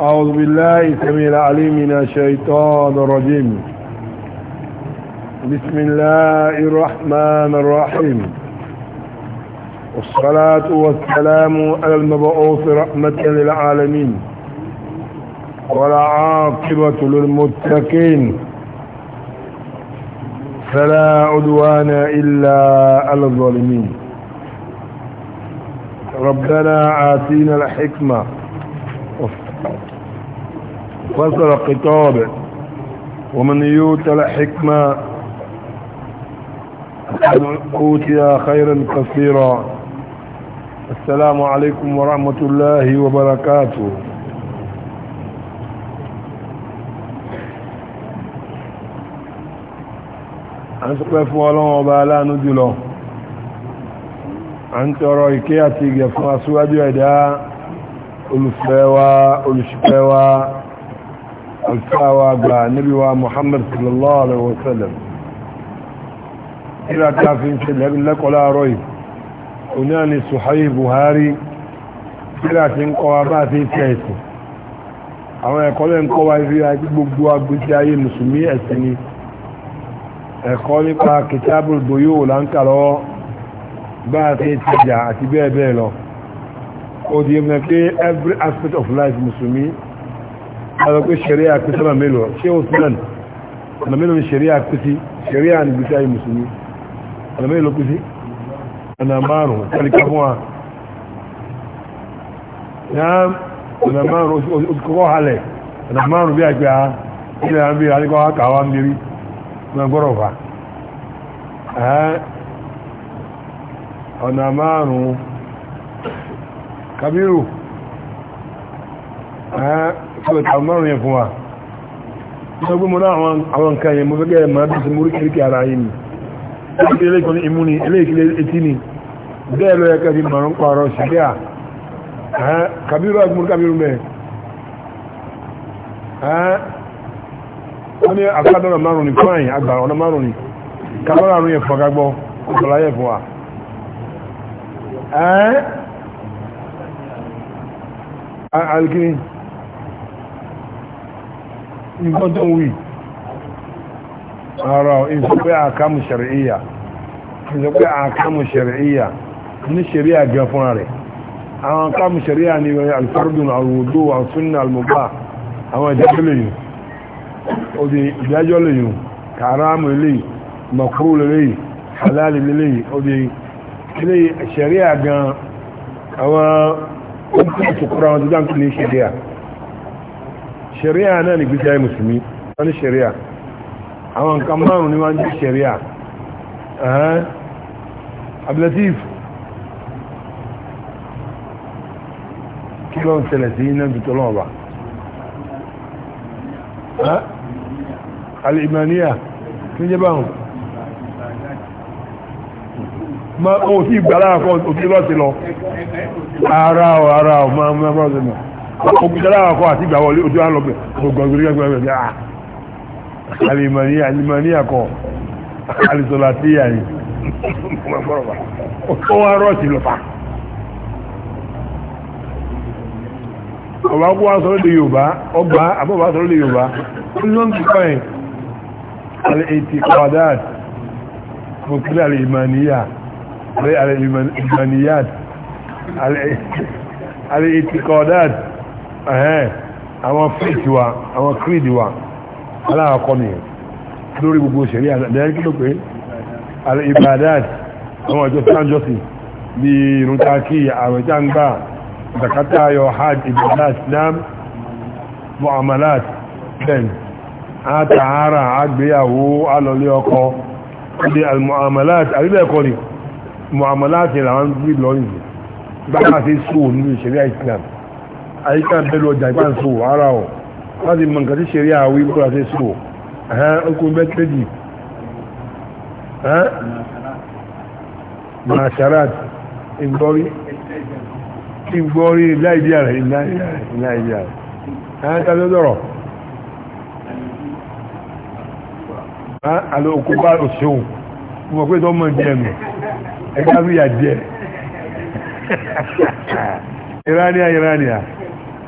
أعوذ بالله سميع العليم من الشيطان الرجيم بسم الله الرحمن الرحيم والصلاة والسلام على المبعوث رحمة للعالمين عاقبة للمتقين فلا عدوان إلا على الظالمين ربنا آتينا الحكمة فصل قطابه ومن يوتل حكمة أوتي خيرا كثيرا السلام عليكم ورحمة الله وبركاته أنسك فوالان وبالا نجلو أنت رأيكي أتيجي فما سواجه إذا ألفوا ألشفوا alfawa ga nabiwa muhammad sallallahu alaihi wasallam ila ta fi ń ṣe lẹ́kọ̀ọ́lá rọ́ì oní àni suhayi buhari ila ti ń kọwa bá ti tẹ́ẹ̀sì àwọn ẹ̀kọ́ lẹ́ ń kọwa ibi ajé gbogbo agbésí ayé musulmi ẹ̀sìn ni ẹ̀kọ́ nípa kìtàbù bòyó láńkà lọ́wọ́ bá ti tẹ́jà àti bẹ́ẹ̀ bẹ́ẹ̀ lọ ó di ẹgbẹ́ pé every aspect of life musulmi àwọn pé ṣẹ̀ríà pín sọ́nà mélòó ṣé Osman ọ̀nà mélòó ni ṣẹ̀ríà pín sí ṣẹ̀ríà ní gbèsè ayé mùsùlùmí ọ̀nà mélòó ló pín sí ọ̀nà márùn-ún kálíkà fún wa náà ọ̀nà márùn-ún kọ́kọ́ halẹ̀ ọ̀nà márùn-ún bí àgbà ilẹ̀ àbí àríkọ́ àkàwà ń lérí ọ̀nà gbọ́rọ̀ fà ọ̀nà márùn ọ̀pẹ̀ tàbí márùn yẹn fún wa ṣe gbé mọ́ àwọn nǹkan yẹn mo fẹ́ gẹ́rẹ̀ máa bí i mú oríkèríkè ara yìí ni eléèkìlẹ̀ imú ni eléèkìlẹ̀ etí ni bẹ́ẹ̀ lọ ẹ̀kẹ́ ti màrún pààrọ̀ sí bí i kàbírù àgbọn kàbírù mẹ́ wọ́n ní àfádọ́nà márùn ní fáìn àgbà ọ̀nà márùn ní kàbọ́nà àrùn yẹn fọ́gagbọ́ ọ̀sọ̀láyé fún wa alkini nǹkan tó ń wí ara ìsọpẹ́ àkámù ṣẹ̀rẹ̀íyà ìsọpẹ́ àkámù ṣẹ̀rẹ̀íyà ní ṣẹ̀ríà gan fún rẹ̀ àwọn àkámù ṣẹ̀ríà ni alfardun alwudu asunna almubah àwọn ìdájọ́ lèyìn odi ìdájọ́ lèyìn kàrámù lè makru lè halal lè àwọn ó kúrò ṣẹ̀ríà náà ní gbígbé ayé mùsùlùmí wọ́n ní ṣẹ̀ríà àwọn nǹkan márùn ní wọ́n ní ṣẹ̀ríà abdulatif kí ló ń tẹ̀lẹ̀ sí iná ju tọ́lọ́ ọba alìmọ̀níyà kí jẹ́ báhùn ma o ti gbàlá àkọ́ òtí lọ́ti lọ ara ọ̀ ara ọ̀ máa mú ẹgbẹ́ ọ̀sẹ̀ ogun tẹ́lá àkọ́ àti ìgbà wọlé ojú àwọn ọgbẹ̀ ogun gbẹ̀gbẹ̀gbẹ̀ ah, alimaniya alimaniya kọ alisolatiya ni ó wá rọ́ọ̀tì lọ pa ọba kó wá sọ́rọ̀ lè yorùbá ọgbà àbọ̀bá sọ́rọ̀ lè yorùbá olóńtì kọ́yìn alẹ́ẹ̀tì kọ́dáàt fòkílẹ̀ alimaniya alimaniya alẹ́ẹ̀tì kọ́dáàt ẹ̀hẹ́n àwọn faith wa àwọn creed wa aláàkọ́ ni lórí gbogbo ṣẹ̀rí àdáyé kí ló pé al-ibadat àwọn ọjọ́ sáńjọ́sì bí irúntakí àwẹ̀jáǹgbà zakatayọ hajj ibadat islam mu'amalat ben àtàárà àgbéyàwó alọ́lé ọkọ ilé al-mu'amalat àríbẹ̀ẹ́kọ́ ni mu'amalat ni làwọn gbí lọ́rìn gbáyà sí sóò nínú ìṣẹ̀rí islam àyíká bẹ́lú ọjà ìpáǹsó ara ọ̀ láti mọ̀ nǹkan tí ṣe rí àwí bọ́lá sí sọ ẹ̀hán okùn bẹ́ẹ̀ tẹ́jì masharat ìgbọ́rí ìgbọ́rí láìdí ààrẹ ìláìdí ààrẹ ẹ̀hán tàbí ọdọ́rọ̀ àlọ́ òkú bá òṣèun mọ̀ pé tọ́mọ̀ díẹ̀ nù ẹgbẹ́ àríyà díẹ̀ ìránìà ìránìà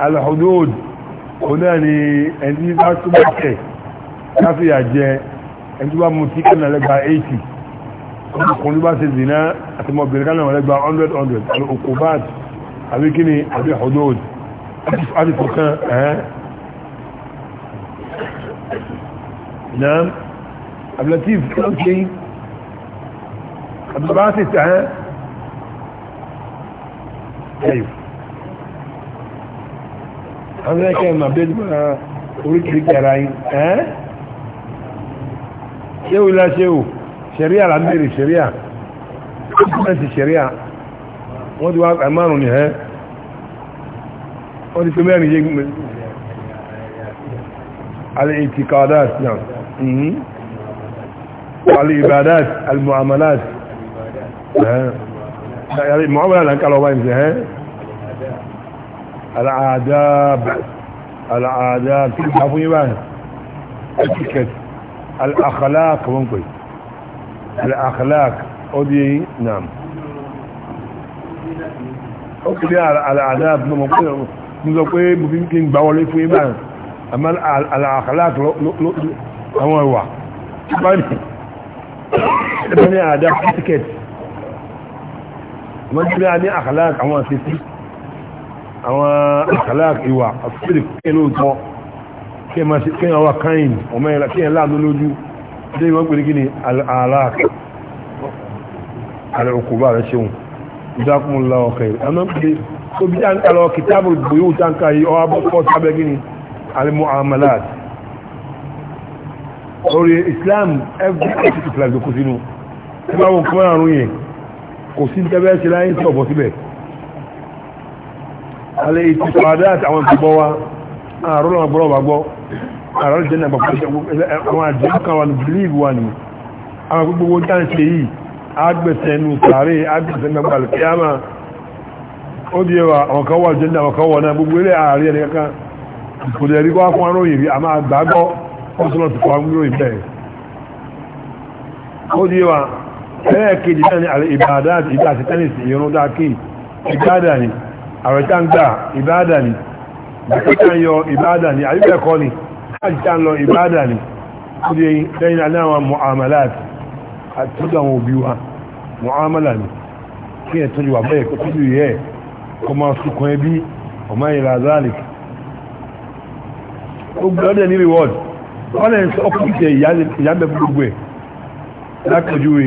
alhudud òun náà ni ẹni bá túbọ̀ tẹ̀ káfíà jẹ ẹni tó bá mu tí kánà lẹ́gba 80 ọkùnrin bá ṣe zìnà àti mọ̀bìnrin kánà lẹ́gba 100 al-ukubat àbí kíni àbí hudud àti fọkàn ẹ̀ẹ́ نعم عبد اللطيف كلام شيء عبد الباسط afẹ́kẹ́ ma bẹ́ẹ̀ ma oríkìríkì ara yìí ẹ́ ṣéwù ilá ṣéwù ṣẹ̀ríà là ń bèèrè ṣẹ̀ríà ẹ̀sì ṣẹ̀ríà wọ́n ti wá márùn ní ẹ́ wọ́n ti pé mẹ́rin yé alẹ́ ètì kàwádàt náà mhm. alẹ́ ìbàdàt alẹ́ muamalat alẹ́ muamalat là ń kálọ̀ wáyé ẹ́ العاداب العاداب تعرفوا يبان اتكت الاخلاق ممكن الاخلاق اودي نعم اوكي العاداب ممكن nzo pe mo fi kin gba wọlé fún iban amal al akhlaq lo lo àwọn wa bani bani ada ticket mo bi ani akhlaq àwọn ticket àwọn àkàlák ìwà àfíìsì kéèyàn lóòótọ́ kéèyàn wà káyìn ọmọ ẹ̀rọ kéèyàn láàánú lójú ilé ìwọ̀n pè ní kí ni àlàák àlẹ́kùn bá rẹ̀ ṣeun ìdákùn lọ ọ̀kẹ́ ẹ̀mọ́ pé tó bí dáńkà lọ kìtàbù bòyó dáńkà yìí ọwọ́ abọ́kọ́ sábẹ́ kí ni al-mu'amalat orí Islam every aspect of life ló kó sínú ẹ bá wọn kọ́ àrùn yẹn kò sí tẹ́bẹ́ ṣe láyé sí ọ̀bọ̀ síbẹ̀ alẹ́ ìtì padà àtàwọn ìgbọ́ wa àrùn náà gbọ́rọ̀ wà gbọ́ àrùn jẹ́ kan wà believe wà ní àwọn gbogbo owó tá ń ṣe yìí agbẹ̀sẹ̀ nù sàárè agbẹ̀sẹ̀ nàgbà kíámà ó di ẹwà àwọn kan wà jẹ́ nà kan wà náà gbogbo ilé ààrẹ ẹni kankan kò lè rí wá fún aróyìn rí àmà àgbàgbọ́ ó sọ ti fún ni àlẹ́ ìbàdà ìdá ìrún dákì ìgbádà ni àwẹ̀tá ń gbà ìbáàdà ni bàtàkà ń yọ ìbáàdà ni àyíkẹ́kọ́ ni àjíkà ń lọ ìbáàdà ni ó di lẹ́yìn aláwọn mu'amalat àti tọ́jú àwọn òbí wa mu'amala ni kí ẹ̀ tọ́jú wà bẹ́ẹ̀ kó tọ́jú yẹ kó máa sùkún ẹbí ọmọ ìlà zalik ó gbọ́dọ̀ ní reward wọ́n lẹ́yìn sọ ọkùnrin tẹ gbogbo ẹ̀ lákòjúwe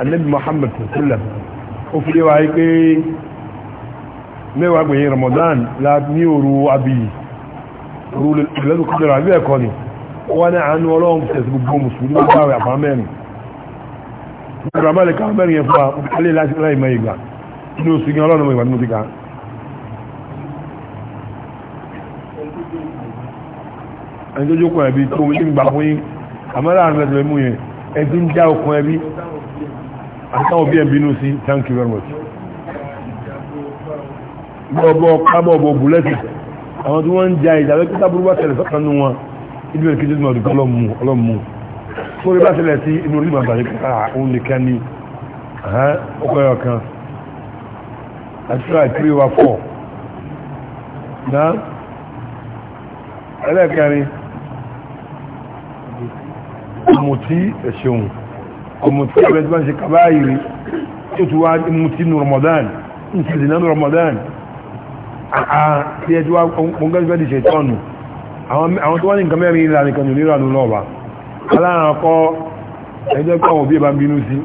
anabi muhammad sallam ó fi lé pé mẹ́wàá gbẹ̀yìn Ramadan la ní òru abiyi òru lẹ́nu kúndùrà àbí ẹ̀kọ́ ni wọ́n ní àánú ọlọ́run tẹ̀sí gbogbo mùsùlùmí ló dáwẹ̀ àbá mẹ́rin ìgbà mẹ́rin ká mẹ́rin yẹn fún wa alẹ́ láti láì mẹ́ ìgbà inú oṣù yẹn ọlọ́run mọ̀ ìgbà tí mo ti kà á ẹni tó jókòó ẹbí tó ní gbà fún yín àmọ́lá àrùn ẹ̀sìn mú yẹn thank you very much bọ́ọ̀bọ́ kábọ̀ bọ̀ bùlẹ́tì àwọn tí wọ́n ń ja ìjà lẹ́kítà burú bá tẹ̀lẹ̀ sọ́kànnú wọn ibi rẹ̀ kíjì mọ̀ dùkọ́ lọ́mù tó rí bá tẹ̀lẹ̀ sí inú orí bàbá nípa òun nìkan ni ọkọ̀ ẹ̀yọ̀ kan àtúrà ìtúrí wa fọ̀ ná ẹlẹ́ẹ̀kẹrin ọmọtí ẹ̀ṣẹ̀hùn ọmọtí ẹ̀rẹ́ tí wọ́n ṣe kàbáyìí tó ti wá mutí nù Ramadan ní ti dìnnà nù Ramadan Ah, ah, tí ẹ tí wá gbọ́ngẹ́sìfẹ́dì ṣe tọ́nù àwọn tó wá ní nǹkan mẹ́rin ìlànà ìkànnì nílànà lọ́ọ̀bá aláàrán kọ́ ẹjọ́ pé àwọn òbí bá bínú sí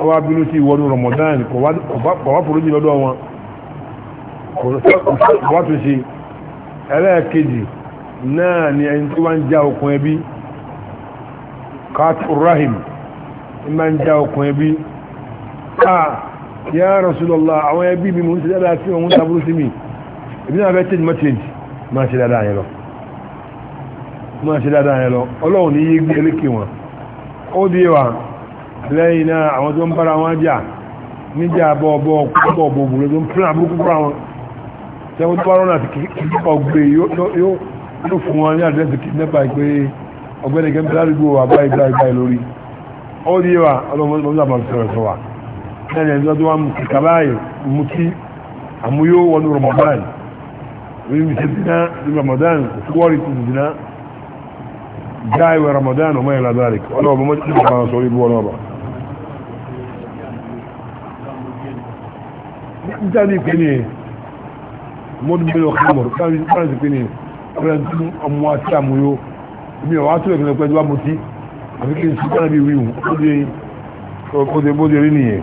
ọwá bínú sí ìwọ́nú Ramadan kò wá foríjì lọ́dọ̀ wọn kò wá tún ṣe ẹlẹ́ẹ̀kejì náà ni ẹni tó wá ń já okùn ẹbí kat rahim ń já okùn ẹbí káà ya Rasulullah àwọn ẹbí mi mú ti dáadáa sí òun tàbúrú sí mi ìbí náà fẹ́ tẹ́jì mọ́tẹ́jì máa lọ ma ṣe dáadáa lọ ọlọ́run ní yé gbé eléke wọn ó di wa bara náà àwọn nija ń bára wọn jà níjà bọ́ọ̀bọ́ púpọ̀ bòbò ló ń pín àbúrú púpọ̀ wọn tẹ́wọ́n tó bá rọ́nà ládùúgbò báyìí báyìí lórí ó di wa ẹ̀rẹ̀ ẹ̀dọ́ tó wá mú kíkà báyìí mú kí àmúyó wọnú Ramadan orí mi ṣe dínà Ramadan kúwọ́rì tó dínà jáìwẹ̀ Ramadan ọmọ ìlà dárík ọlọ́ọ̀bọ̀ mọ́ tí wọ́n sọ ibú ọlọ́ọ̀bà nítorí pé ní mọ́dúnbẹ̀lẹ̀ ọ̀kẹ́mọ̀ káàkiri pé ní ọlọ́dún ọmọ àti àmúyó mi ò wá tó ẹ̀kẹ́ pẹ̀lú àmúti àfikẹ́ ìṣúgbọ́n bí wíwù ó dé bó dé rí nìyẹn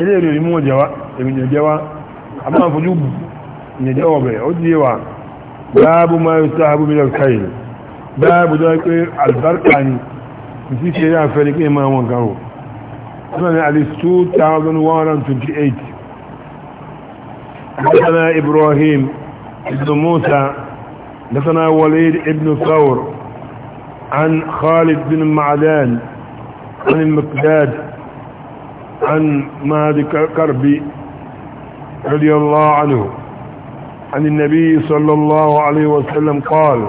ilé ìlú ìmú ọjọ́wá ìmìnìjẹwá a máa fojú ìyẹjẹ́wọ̀ bẹ̀ ó díye wa báàbù máa yóò sáà búmi lọ́kà yìí báàbù tó pé albarka ni ìsí ṣe yá fẹ́ ní pé máa wọn kan o sọ́nà 2128 lọ́sánà ibrahim ibn musa lọ́sánà walid ibn thawr عن خالد بن معدان عن المقداد عن مالك كربي رضي الله عنه عن النبي صلى الله عليه وسلم قال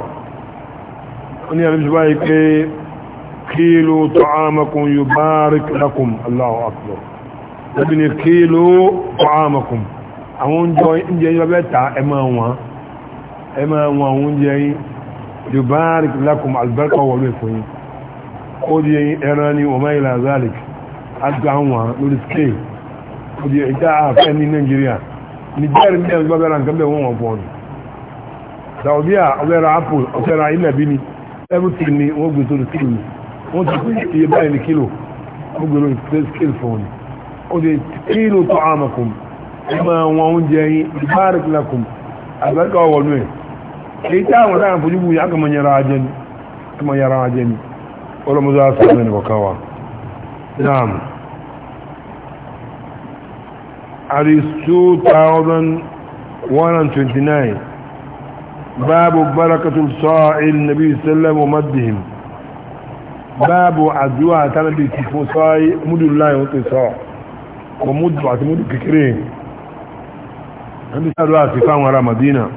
أن يعلم سبايك كيلو طعامكم يبارك لكم الله أكبر ابن كيلو طعامكم àwọn oúnjẹ yìí lọ́bẹ̀ ta ẹ máa wọn ẹ máa wọn àwọn oúnjẹ yìí yubarik lakum albarka wọlé fún yìí ó di ẹran ni wọ́n máa ìlà zalik àgbà wọn lórí scale òdì ìjà àfẹ́ ní Nàìjíríà nìjẹ́rì ní ẹgbẹ́ bẹ́ra nǹkan bẹ́ẹ̀ wọ́n wọ́n fọ́ ni Saudi ọ̀bẹ́ra apple ọ̀bẹ́ra ilẹ̀bí ni everything ni wọ́n gbé sórí scale ni wọ́n ti pín iye báyìí ní kílò wọ́n gbé lórí scale fún ni òdì kílò tó àmàkùn ẹ máa wọn oúnjẹ yín ìbáraẹ̀ kìlákùn àgbẹ̀kọ̀ wọ̀nú ẹ̀ èyí tí àwọn táwọn fojú bu yà á kàn mọ̀ yàrá ajẹ́ ni ọlọ́mọdé á sọ̀rọ̀ ẹnì kọ̀ọ̀kan wa. نعم أرسطو 2129 باب بركة الصائل النبي صلى الله عليه وسلم ومدهم باب عدوى تنبي كفو صائل مد الله يوطي صائل ومد بعد مد ككرين النبي صلى الله عليه مدينة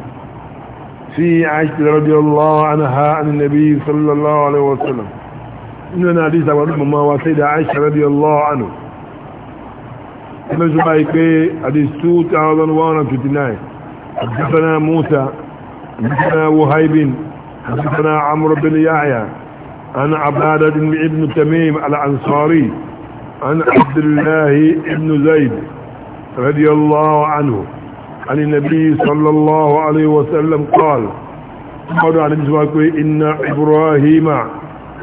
في عائشة رضي الله عنها عن النبي صلى الله عليه وسلم nínú ليس àwọn olùmọ̀mọ́ وسيد عائشة رضي الله عنه ẹlẹ́jọ́ báyìí pé àdísì 2159 حدثنا موسى حدثنا وهيب حدثنا عمرو بن يحيى عن عبادة بن تميم الأنصاري عن عبد الله بن زيد رضي الله عنه عن النبي صلى الله عليه وسلم قال قال عن إن إبراهيم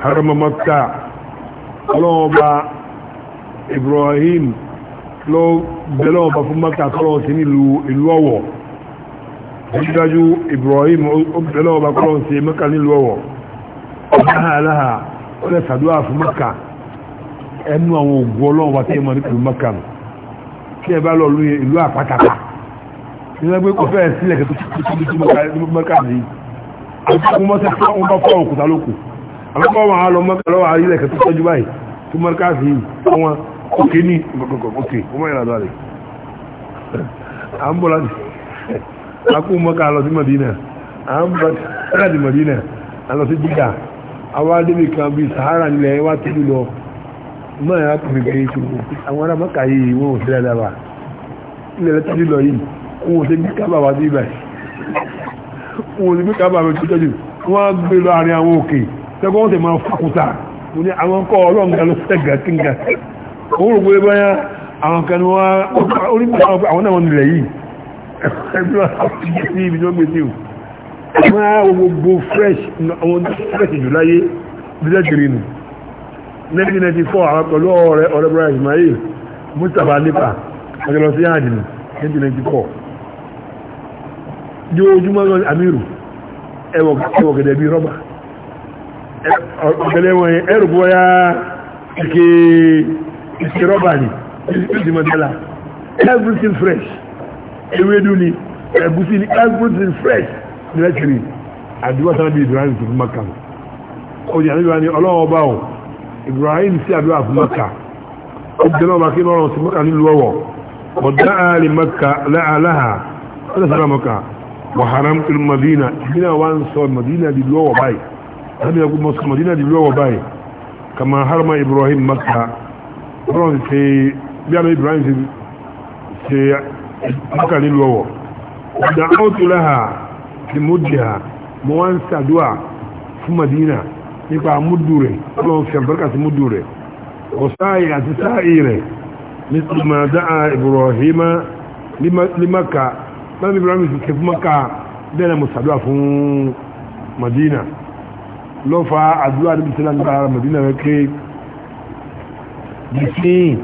harama makka ọlọ́ọba ibrahim ló bẹ̀lọ́ọba fún makka kọ́lọ̀ sí nílùú ìlú ọ̀wọ̀ dájúdájú ibrahim bẹ̀lọ́ọba kọ́lọ̀ sí makka nílùú ọ̀wọ̀ ọ̀dáhà aláhà ó lẹ́ sàdúrà fún makka ẹnu àwọn ògùn ọlọ́ọba tí ẹmọ nípìlú makka kí ẹ bá lọ lóye ìlú àpátápá nígbà pé kò fẹ́ sílẹ̀ kẹtù tó tó tó tó tó tó tó tó tó tó tó tó tó tó àkọ́kọ́ wọn á lọ mọ́kà lọ́wọ́ tọ́jú báyìí tó mọ́ká sí àwọn òkè ní òkè ìrànlọ́ rẹ̀ sí Madina Madina sí kan Sahara nílẹ̀ wá tóbi lọ àwọn ará mọ́kà yìí ò sí dáadáa ilẹ̀ lọ yìí bí kábà wá sí ibà ò sí bí kábà tẹ́gbọ́n wọ́n tẹ̀ máa fàkúta mo ní àwọn kọ́ ọlọ́run kan ló fẹ́ gàkínga òun rò ẹgbẹ́ sí àwọn fresh jù láyé bílẹ̀ 1994 àwọn pẹ̀lú ọ̀rẹ́ ọ̀rẹ́ bọ́ra Ismail Mustapha nípa ojúmọ́ lọ ní Amiru bí rọ́bà ọ̀gbẹ̀lẹ̀ wọn ẹrù bóyá ike ike rọ́bà ni ìsìnkú mọ̀tẹ́lá everything fresh ewédú ni ẹ̀gúsí ni everything fresh lẹ́tìrì àdúgbò sáà bí Ibrahim tó fún maka ó ní àdúgbò ni ọlọ́wọ́ bá wọn Ibrahim sí àdúrà fún maka ó bẹ̀rẹ̀ ọba kí lọ́rọ̀ sí maka nílùú ọwọ́ ọ̀dá àlè maka láàláha ó lè sára maka wàhálà madina ìbínà wa ń sọ madina di lọ́wọ́ báyìí ẹni ẹgbẹ́ mọ́sùn mọ̀dínà di lọ́wọ́ báyìí kama harma ibrahim maka ọlọ́run ti bí a ibrahim ti ṣe maka ní lọ́wọ́ ọ̀dà ọ̀tù láha ti mọ́dì ha mọ́ wá ń sàdúà fún mọ̀dínà nípa múdù rẹ̀ ọlọ́run fi àbúrẹ́kà sí múdù rẹ̀ ọ̀sáì àti sáì rẹ̀ ní tùmọ̀dá ibrahim ní maka ibrahim ti ṣe maka bẹ́ẹ̀ na mo sàdúà fún ló fa àdúrà níbi tí láti ara Madina rẹ̀ pé jìkín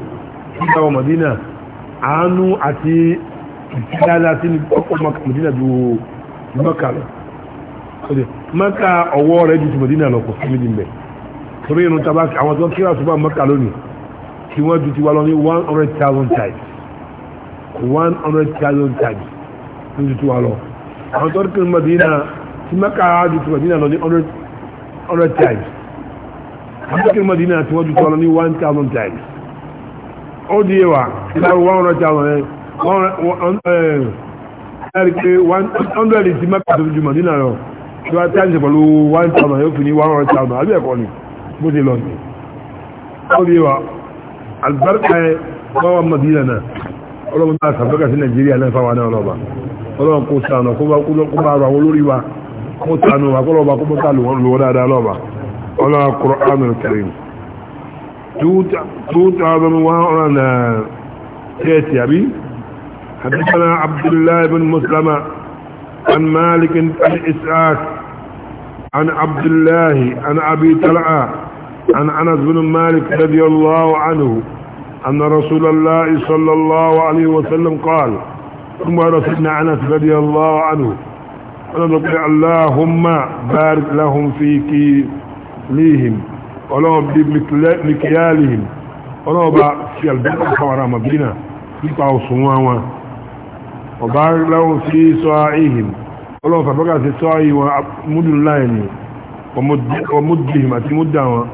nígbà wọ Madina àánú àti ìtìlára sí ní ọkọ̀ Madina ju Maka lọ Maka ọwọ́ rẹ̀ ju ti Madina lọ kò sí méjì mẹ́ torí irun tabaki àwọn tó ju ti wá lọ ní one hundred thousand times one hundred thousand times ju ti wá Madina ti ju ti Madina lọ hundred hundred times abubakar madina tí wọ́n ju tọ́lọ ní one thousand times ó di yé wa ìlàrú one hundred thousand ẹ̀rí eh, pé one hundred ti mẹ́ta tó ju madina lọ tí wọ́n times pẹ̀lú one thousand yóò fi ní one hundred thousand àbí ẹ̀kọ́ ni bó ti lọ ní ó di yé wa albarka ẹ̀ wọ́n wà madina náà ọlọ́run náà sàbẹ́kà sí nàìjíríà náà fáwọn náà ọlọ́ba ọlọ́run kò sànà kó bá rọ àwọn olórí wa kó tànù àkọlọ́ba kó mọ́ta lùwọ́ dáadáa lọ́ba ọlá Qur'an al-Karim 2130 àbí حدثنا عبد الله بن مسلم عن مالك عن إسعاك عن عبد الله عن أبي طلعة عن أنس بن مالك رضي الله عنه أن رسول الله صلى الله عليه وسلم قال ثم رسلنا أنس رضي الله عنه ọlọ́dọ̀pẹ́ aláhùnmá barik lahum fi kílíhìm ọlọ́ọ̀bí mikiyalihim ọlọ́ọ̀bá fi albẹ́ta kawara mabina nípa òsùnwọ́n wọn ọba lahum fi sọ́áhìm ọlọ́ọ̀fà bọ́gá sí sọ́áhì wọn múdùn láìní ọmọdìhìm àti múdà wọn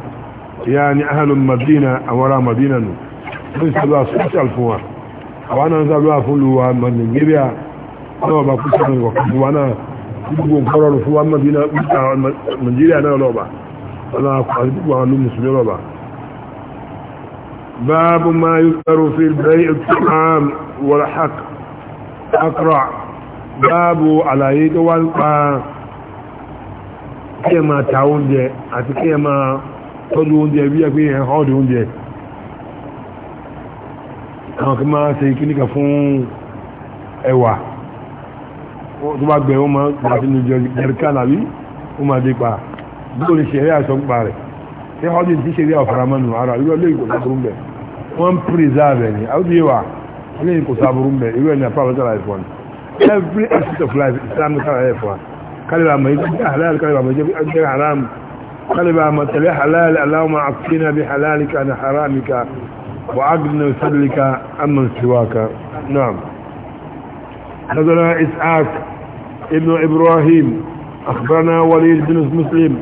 ya ni ahalun madina awara madina nù ní sábà social fún wa àwọn náà sábà fún luwa nàìjíríà ọlọ́ọ̀bá gbogbo nǹkan rọrùn fún wa mọ̀dínà nàìjíríà náà lọ́ọ̀bà ọ̀nà àkọ́síkò àwọn olùmùsùlùmí lọ́ọ̀bà باب ما يذكر في البيع الطعام والحق أقرع باب على يد والقى kí ẹ máa ta oúnjẹ àti kí ẹ máa tọ́jú oúnjẹ bí ẹgbẹ́ ẹ̀ ọ́dún oúnjẹ àwọn kí máa ṣe kíníkà fún ẹwà tó bá gbẹ̀ wọ́n máa gbà sínú jẹ̀ríkàn àbí ó máa dé pa bó lè ṣeré àṣọ ń pa rẹ̀ ṣé ọdún tí ṣeré ọ̀faramọ́nù ara irú ẹlẹ́yìn kò sáburú mbẹ̀ wọ́n ń pírísàvẹ̀ ni àwùjọ yẹn wà ẹlẹ́yìn kò sáburú mbẹ̀ irú ẹni àpá àbájá láìpọ̀ ni every aspect of life islam ní kára ẹ̀fọ́ kálíbà àmọ́ ìjẹ́ halal kálíbà àmọ́ ìjẹ́ haram kálíbà àmọ́ tẹ̀lé halal aláwọ̀ àfihàn àbí halalika ní haramika wà á gbìnà sadlika amọ̀ síwáka náà. نظر إسحاق ابن إبراهيم أخبرنا وليد بن مسلم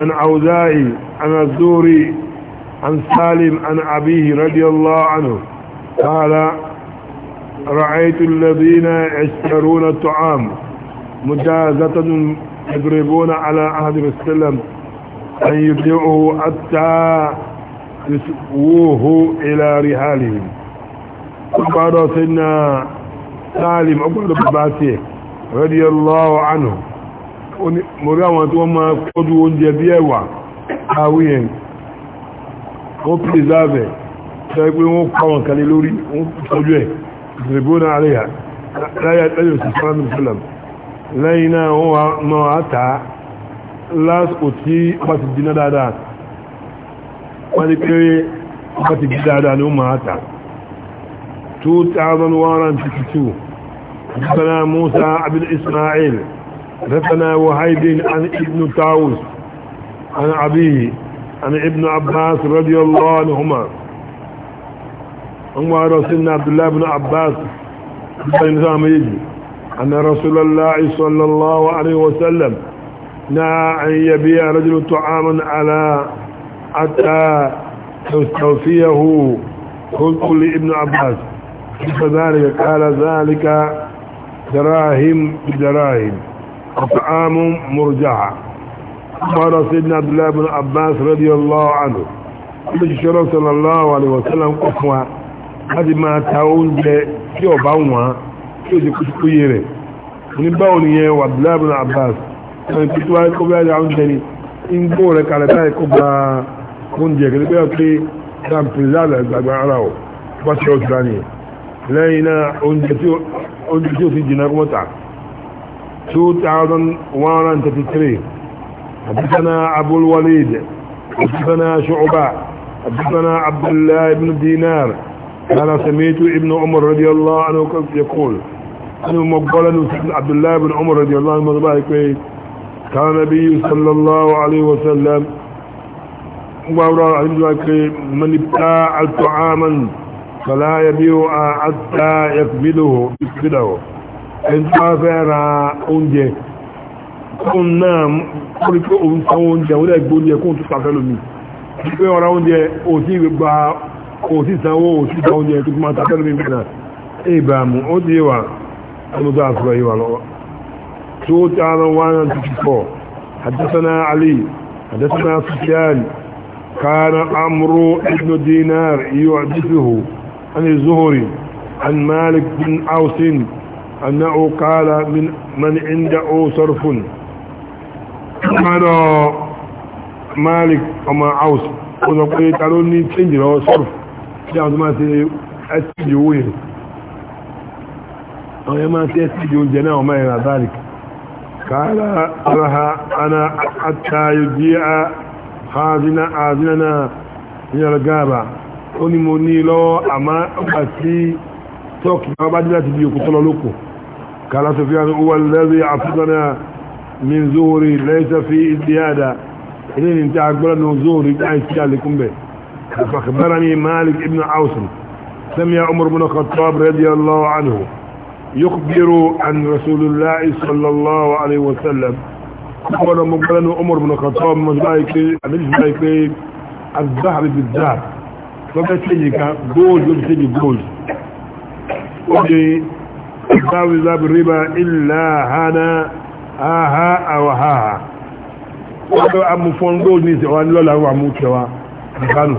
عن عوزائي عن الزوري عن سالم عن أبيه رضي الله عنه قال رأيت الذين يشترون الطعام مجازة يضربون على عهد السلم أن يبدعوا حتى يسووه إلى رحالهم أقبل سيدنا سالم أقبل بباتيه radiyallahu anhu mo rí àwọn tí wọ́n máa kọ́dú oúnjẹ bí ẹ̀wà àwíyẹn wọ́n pèsè sọ pé wọ́n kọ́ wọn kalẹ̀ lórí wọ́n tọ́jú ẹ̀ ìrìbónà àríyà láyé àtẹ́lẹ̀ òsìsánàmì fúlàm lẹ́yìn náà wọ́n wá náà àtà lásìkò tí wọ́n ti dínà dáadáa máa àtà 2152 حدثنا موسى بن إسماعيل حدثنا وهيب عن ابن تاوس عن أبيه عن ابن عباس رضي الله عنهما أما رسولنا عبد الله بن عباس أن رسول الله صلى الله عليه وسلم نهى أن يبيع رجل طعاما على حتى يستوفيه قلت لابن عباس فذلك قال ذلك دراهم بدراهم وطعام مرجعة قال سيدنا عبد الله بن عباس رضي الله عنه قال شرف صلى الله عليه وسلم قفوا هذه ما تعون كيو باوا كيو دي كويره ni báwo ni yẹn lẹ́yìn náà oúnjẹ tí ó fi jìnà wọ́ta 2133 حدثنا أبو الوليد حدثنا شعباء حدثنا عبد الله بن دينار أنا سميت ابن عمر رضي الله عنه يقول أنا مقبل عبد الله بن عمر رضي الله عنه كان النبي صلى الله عليه وسلم وأورا من ابتاع طعاما فلا يبيع حتى يقبله يقبله ان فافر اونجه كون نام كوريكو اون ولا يقول يكون تفاكلو مي pé ọ̀rọ̀ oúnjẹ ò sí gba kò sí sanwó ò sí gba oúnjẹ tó máa tàbí ẹ̀rọ ìgbìnà ìbàmù ó ti wà ọmọdé àfúrà ìwà lọ́wọ́ tó tààrà 154 àdásánà alì àdásánà sufyan kánà amúrò عن الزهري عن مالك بن عوس أنه قال من من عنده صرف هذا مالك وما عوس وقال تعالوني تنجل هو صرف يعني ما تأتجوه أو ما تأتجوه الجناة وما إلى ذلك قال لها أنا حتى يجيء خازن آذننا من الغابة ó ní mo ní lọ àmá ọgbà sí tọ́kì bá bá dí láti láti bí òkú tọ́lọ lóko kàlá mizori lẹ́sẹ̀ fi ní owó lẹ́rí àfúgbọ́nà min zuhuri lẹ́sẹ̀ fi ìdíyàdà ilé ní tí a gbọ́dọ̀ ní zuhuri láì sí àlékún bẹ̀ àfàkàbára ní malik ibn ausun samiya umar bin khattab radiyallahu anhu يخبر an rasulullahi sallallahu صلى wa sallam وسلم قال مقبلنا umar بن khattab مش بايك مش بايك الزهر بالزهر lọ́fẹ́ tẹ́jì kan gold ló tẹ́jì gold ó dé ìgbàwí lábí ríbá ilá hana aha àwà ha ọdọ́ amúfọ́n gold ní ìsẹ̀wà lọ́la wà mú kẹwa ìbánu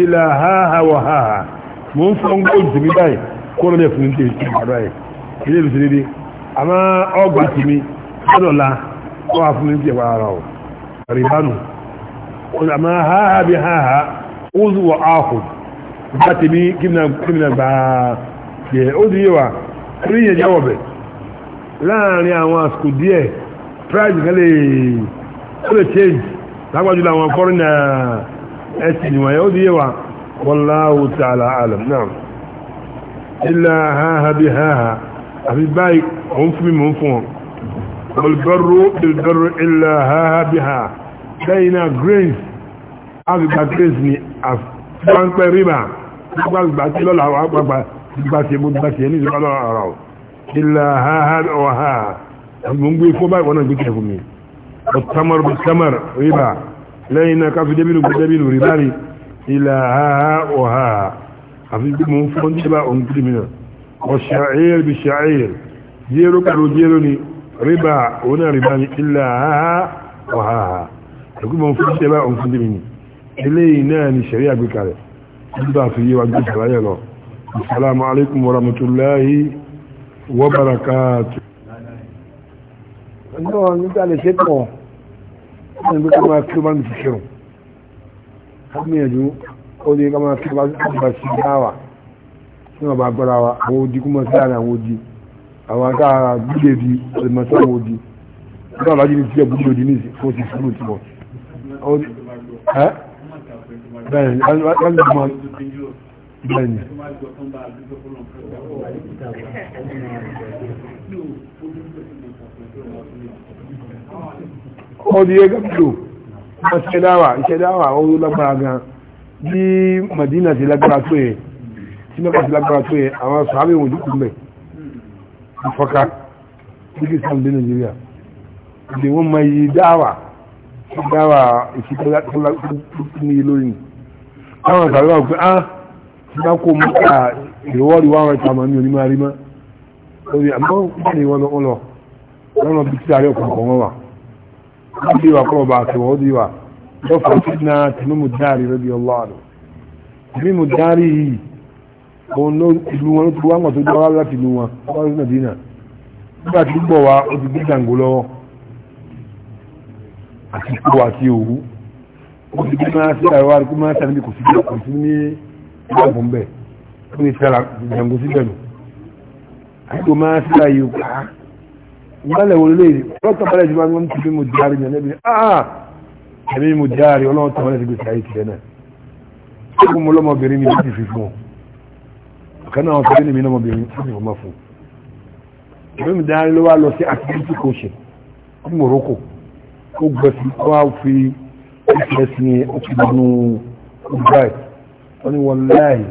ilá ha àwà ha mú fọ́n gold tìmí báyìí kó lọ́dẹ̀ fún ní ilé ìlú sí àmá ọgbà tìmí lọ́dọ̀la wà fún ní ìsẹ̀wà ara ọ̀ rìbánu àmá ha bí ha uzu wa ahud bá tèmi kíminà gbà yẹ ó di yé wa rí yẹn jẹ́wọ́ bẹ̀ láàrin àwọn àsìkò díẹ̀ price kan lè ó lè change lágbàjú àwọn foreigner eh, ẹ̀sìn wọ̀nyẹ́ ó di yé wa wallahu ta'ala alam náà ilá haha bí haha àfi báyìí òun fún mi mò ń fún ọ olùbẹ̀rù olùbẹ̀rù haha bí haha grains àfi grains ni àfipáńpẹ́ rìbà gbàgbà tí lọ́la àgbàgbà gbà tí mo gbà tí ẹni ìjọba lọ́la ara o ilà ha ha ọ̀ ha mo ń gbé fún báyìí wọn náà gbé kẹ́ fún mi ọ̀tàmọ̀rù bí tàmọ̀rù rìbà lẹ́yìn náà káfí débìnú gbé débìnú rí ilà ha ha ha àfi eléyìí náà ni ṣẹ̀rí àgbékalẹ̀ nígbà fi yíwa gbé ṣàlàyé lọ assalamu alaikum wa rahmatullahi wa barakatuh náà nígbà lè ṣe pọ̀ ní bí kọ́mà kí bá ń fi ṣe rùn hàmìyànjú ó ní kọ́mà kí bá ń fi dáwà tí wọ́n bá gbọ́ra wa àwọn odi kúmọ̀ sí àárín àwọn odi àwọn akára gbígbé di ọdún àwọn odi nígbà bá jí ní tí ẹ̀ bú ní odi ní 46 minutes bẹ́ẹ̀ni alìmọ̀ bẹ́ẹ̀ni ọdí ẹgbẹ̀lò wọ́n ṣe dáwà iṣẹ́ dáwà ó lágbára gan bí Madina ti lágbára tó yẹ tí mẹ́kà ti lágbára tó yẹ àwọn sàábì wọn jù kúmẹ̀ ìfọ́ká nígbì sáà ní Nàìjíríà ìdè wọn ma yí dáwà dáwà ìṣẹ́ tó lágbára tó ní lórí àwọn àgbàlá wà pé ah tí bá kó mú ká ìrọwọ́rí wà wọ́n ìtàmà ní onímọ̀ àrímá ó ní àmọ́ wọ́n ní wọ́n lọ lọ́nà bí tí àárẹ̀ ọ̀kọ̀ọ̀kan wọn wà wọ́n bí wà kọ́ bá àtẹ̀wọ́ ó di wà lọ́fọ̀ tí na tìmímù dárì rẹ́bí ọlọ́ọ̀dọ̀ tìmímù dárì yìí òun ló ìlú wọn ló ti wá mọ̀ tó dọ́wọ́ láti ìlú wọn wọ́n rí nàdínà nígbà tí gbọ̀ wá ó ti gbé jàǹgó lọ́wọ́ àti ikú àti òwú ó ti bí máa sí àríwá rí kó máa sàníbi kò sí bí kò sí ní ìgbà fún bẹ́ẹ̀ ó ní sẹ́ra jàǹgó síbẹ̀ nù àìkò máa sí àyè òkà ìgbàlẹ̀ wọlé lè lọ́tọ̀ balẹ̀ jù máa ń ti bí mo di àárín ẹ̀lẹ́bi ah ẹ̀mí mo di àárín ọlọ́run tó wọlé ti gbèsè ayé tìrẹ náà ó kún mo lọ́mọbìnrin mi láti fi fún ọ ọ̀kan náà wọn fi ní mi lọ́mọbìnrin láti fọmọ fún ẹ̀mí mo di àárín ló wá lọ sí activity coaching ní Morocco ó gbẹ̀sí ó wá fi ẹ̀sìn yẹn ó ti gbọ́nú bright wọ́n ní wọ́n láàyè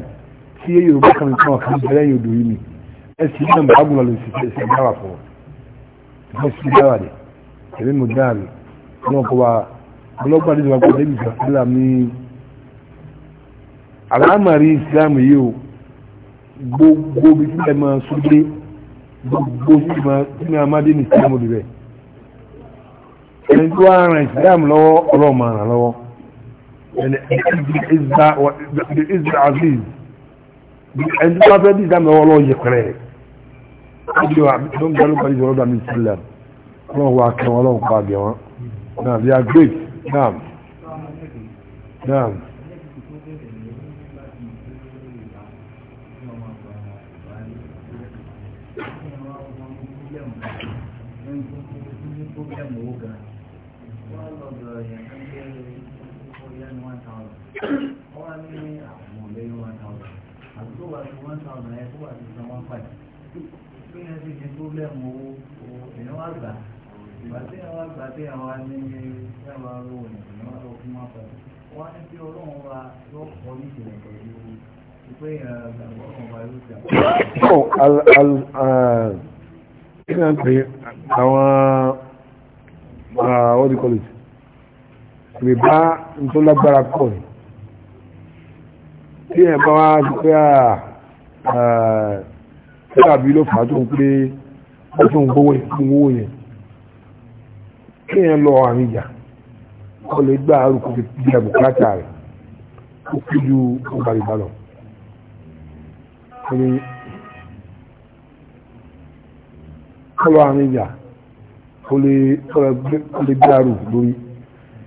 tí yẹ yorùbá kan kan wà kan bẹ̀rẹ̀ yóò dòrí mi ẹ̀sìn yẹn bá gùn lọ sí ẹ̀sìn dáwà fún ọ wọ́n sì dáwà dẹ̀ ẹ̀mí mo dáàrí náà kọ́ wa ọlọ́gbà ní ìjọba pẹ̀lú ìjọba sílá ní àlámàrí ìsìlámù yìí o gbogbo bí sílẹ̀ máa sódé máa sódé ní ìsìlámù rẹ̀ ẹni tó wá ran islam lọ́wọ́ ọlọ́ọ̀mà ràn lọ́wọ́ ẹni isra aziz ẹni tó wá fẹ́ bí islam lọ́wọ́ ọlọ́ọ̀ yẹpẹrẹ ọdí wa tó ń darí pẹ̀lú ìṣòro dàmí islam ọlọ́ọ̀ wa kẹwọn ọlọ́ọ̀ pa àgbẹ̀wọ̀n náà naam naam. wọ́n ní àwọn olóyún one thousand àti tó wà ní one thousand yẹn tó wà ní san one five pé yẹn ti di problem owó èèyàn wá gbà ìgbà tí yẹn wá gbà tí yẹn wá ní yẹn wá ló wọ̀nyí èèyàn wá lọ fún one five wọ́n á ní kí ọlọ́run wa yóò kọ́ ní ìṣẹ̀lẹ̀ pẹ̀lú ìpè ọlọ́run uh, àwọn uh, what do you call it? rìbá tó lágbára kọ́ tí ẹ̀ bá wá ti pé ah, ah, àbí ló fà á tó ń pé ó tó ń gbówó ìpínwó yẹn kí ẹ̀ lọ àrin ìjà ó lè gbá àrùkù fi di àbùkátà rẹ̀ ó kú ju ọgbàrìbà lọ kọlọ àrin ìjà ó lè gbá àrùkù lórí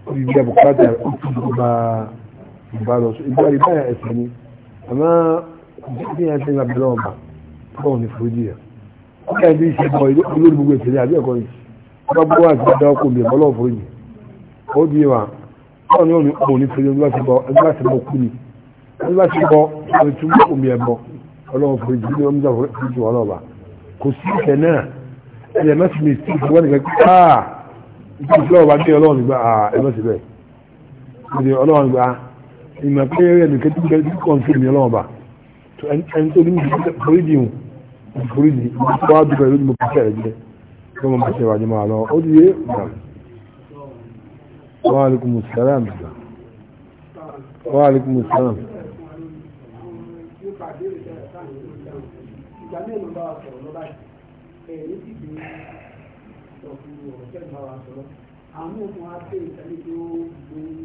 ó lè gbá àbùkátà rẹ̀ ó kú ju ọgbàrìbà lọ ìbálò ìbálò báyà ẹ̀sìn ni àmọ́ bí ẹ̀ ṣe ń gbàgbé lọ́wọ́ bá tó ní fúrúdì rẹ̀ ó kẹ́ bí ṣe bọ̀ olórí gbogbo ìṣẹ̀lẹ̀ àbí ẹ̀kọ́ yìí wọ́n bọ́ wá sí ọ̀dọ́ ọkọ̀ mi ọlọ́wọ́ fúrúdì ó di wa báwo ni òun ò ní fúrúdì ẹni bá ti bọ ẹni bá ti bọ kú ni ẹni bá ti bọ ẹni tún bọ́ omi ẹ̀bọ ọlọ́wọ́ fúrúdì ní ọmọ ìjà fúrúdì wọn lọ́ba kò sí ìṣẹ̀ náà ìmọ̀ pé ẹ̀rẹ́ nìkan tí kẹ́kẹ́ kọ́ńtì mi ọlọ́wọ́ bá ẹni tó ní mi foríjì hùn foríjì tó wá dùkọ̀ ìlú mi pàṣẹ rẹ̀ jẹ́ kí wọ́n máa ṣe wájú máa lọ ó ti yé wa alaikumus salam wa ìgbà mẹ́rin bá wa àwọn ọmọ wa pé ìtàlejò gbogbo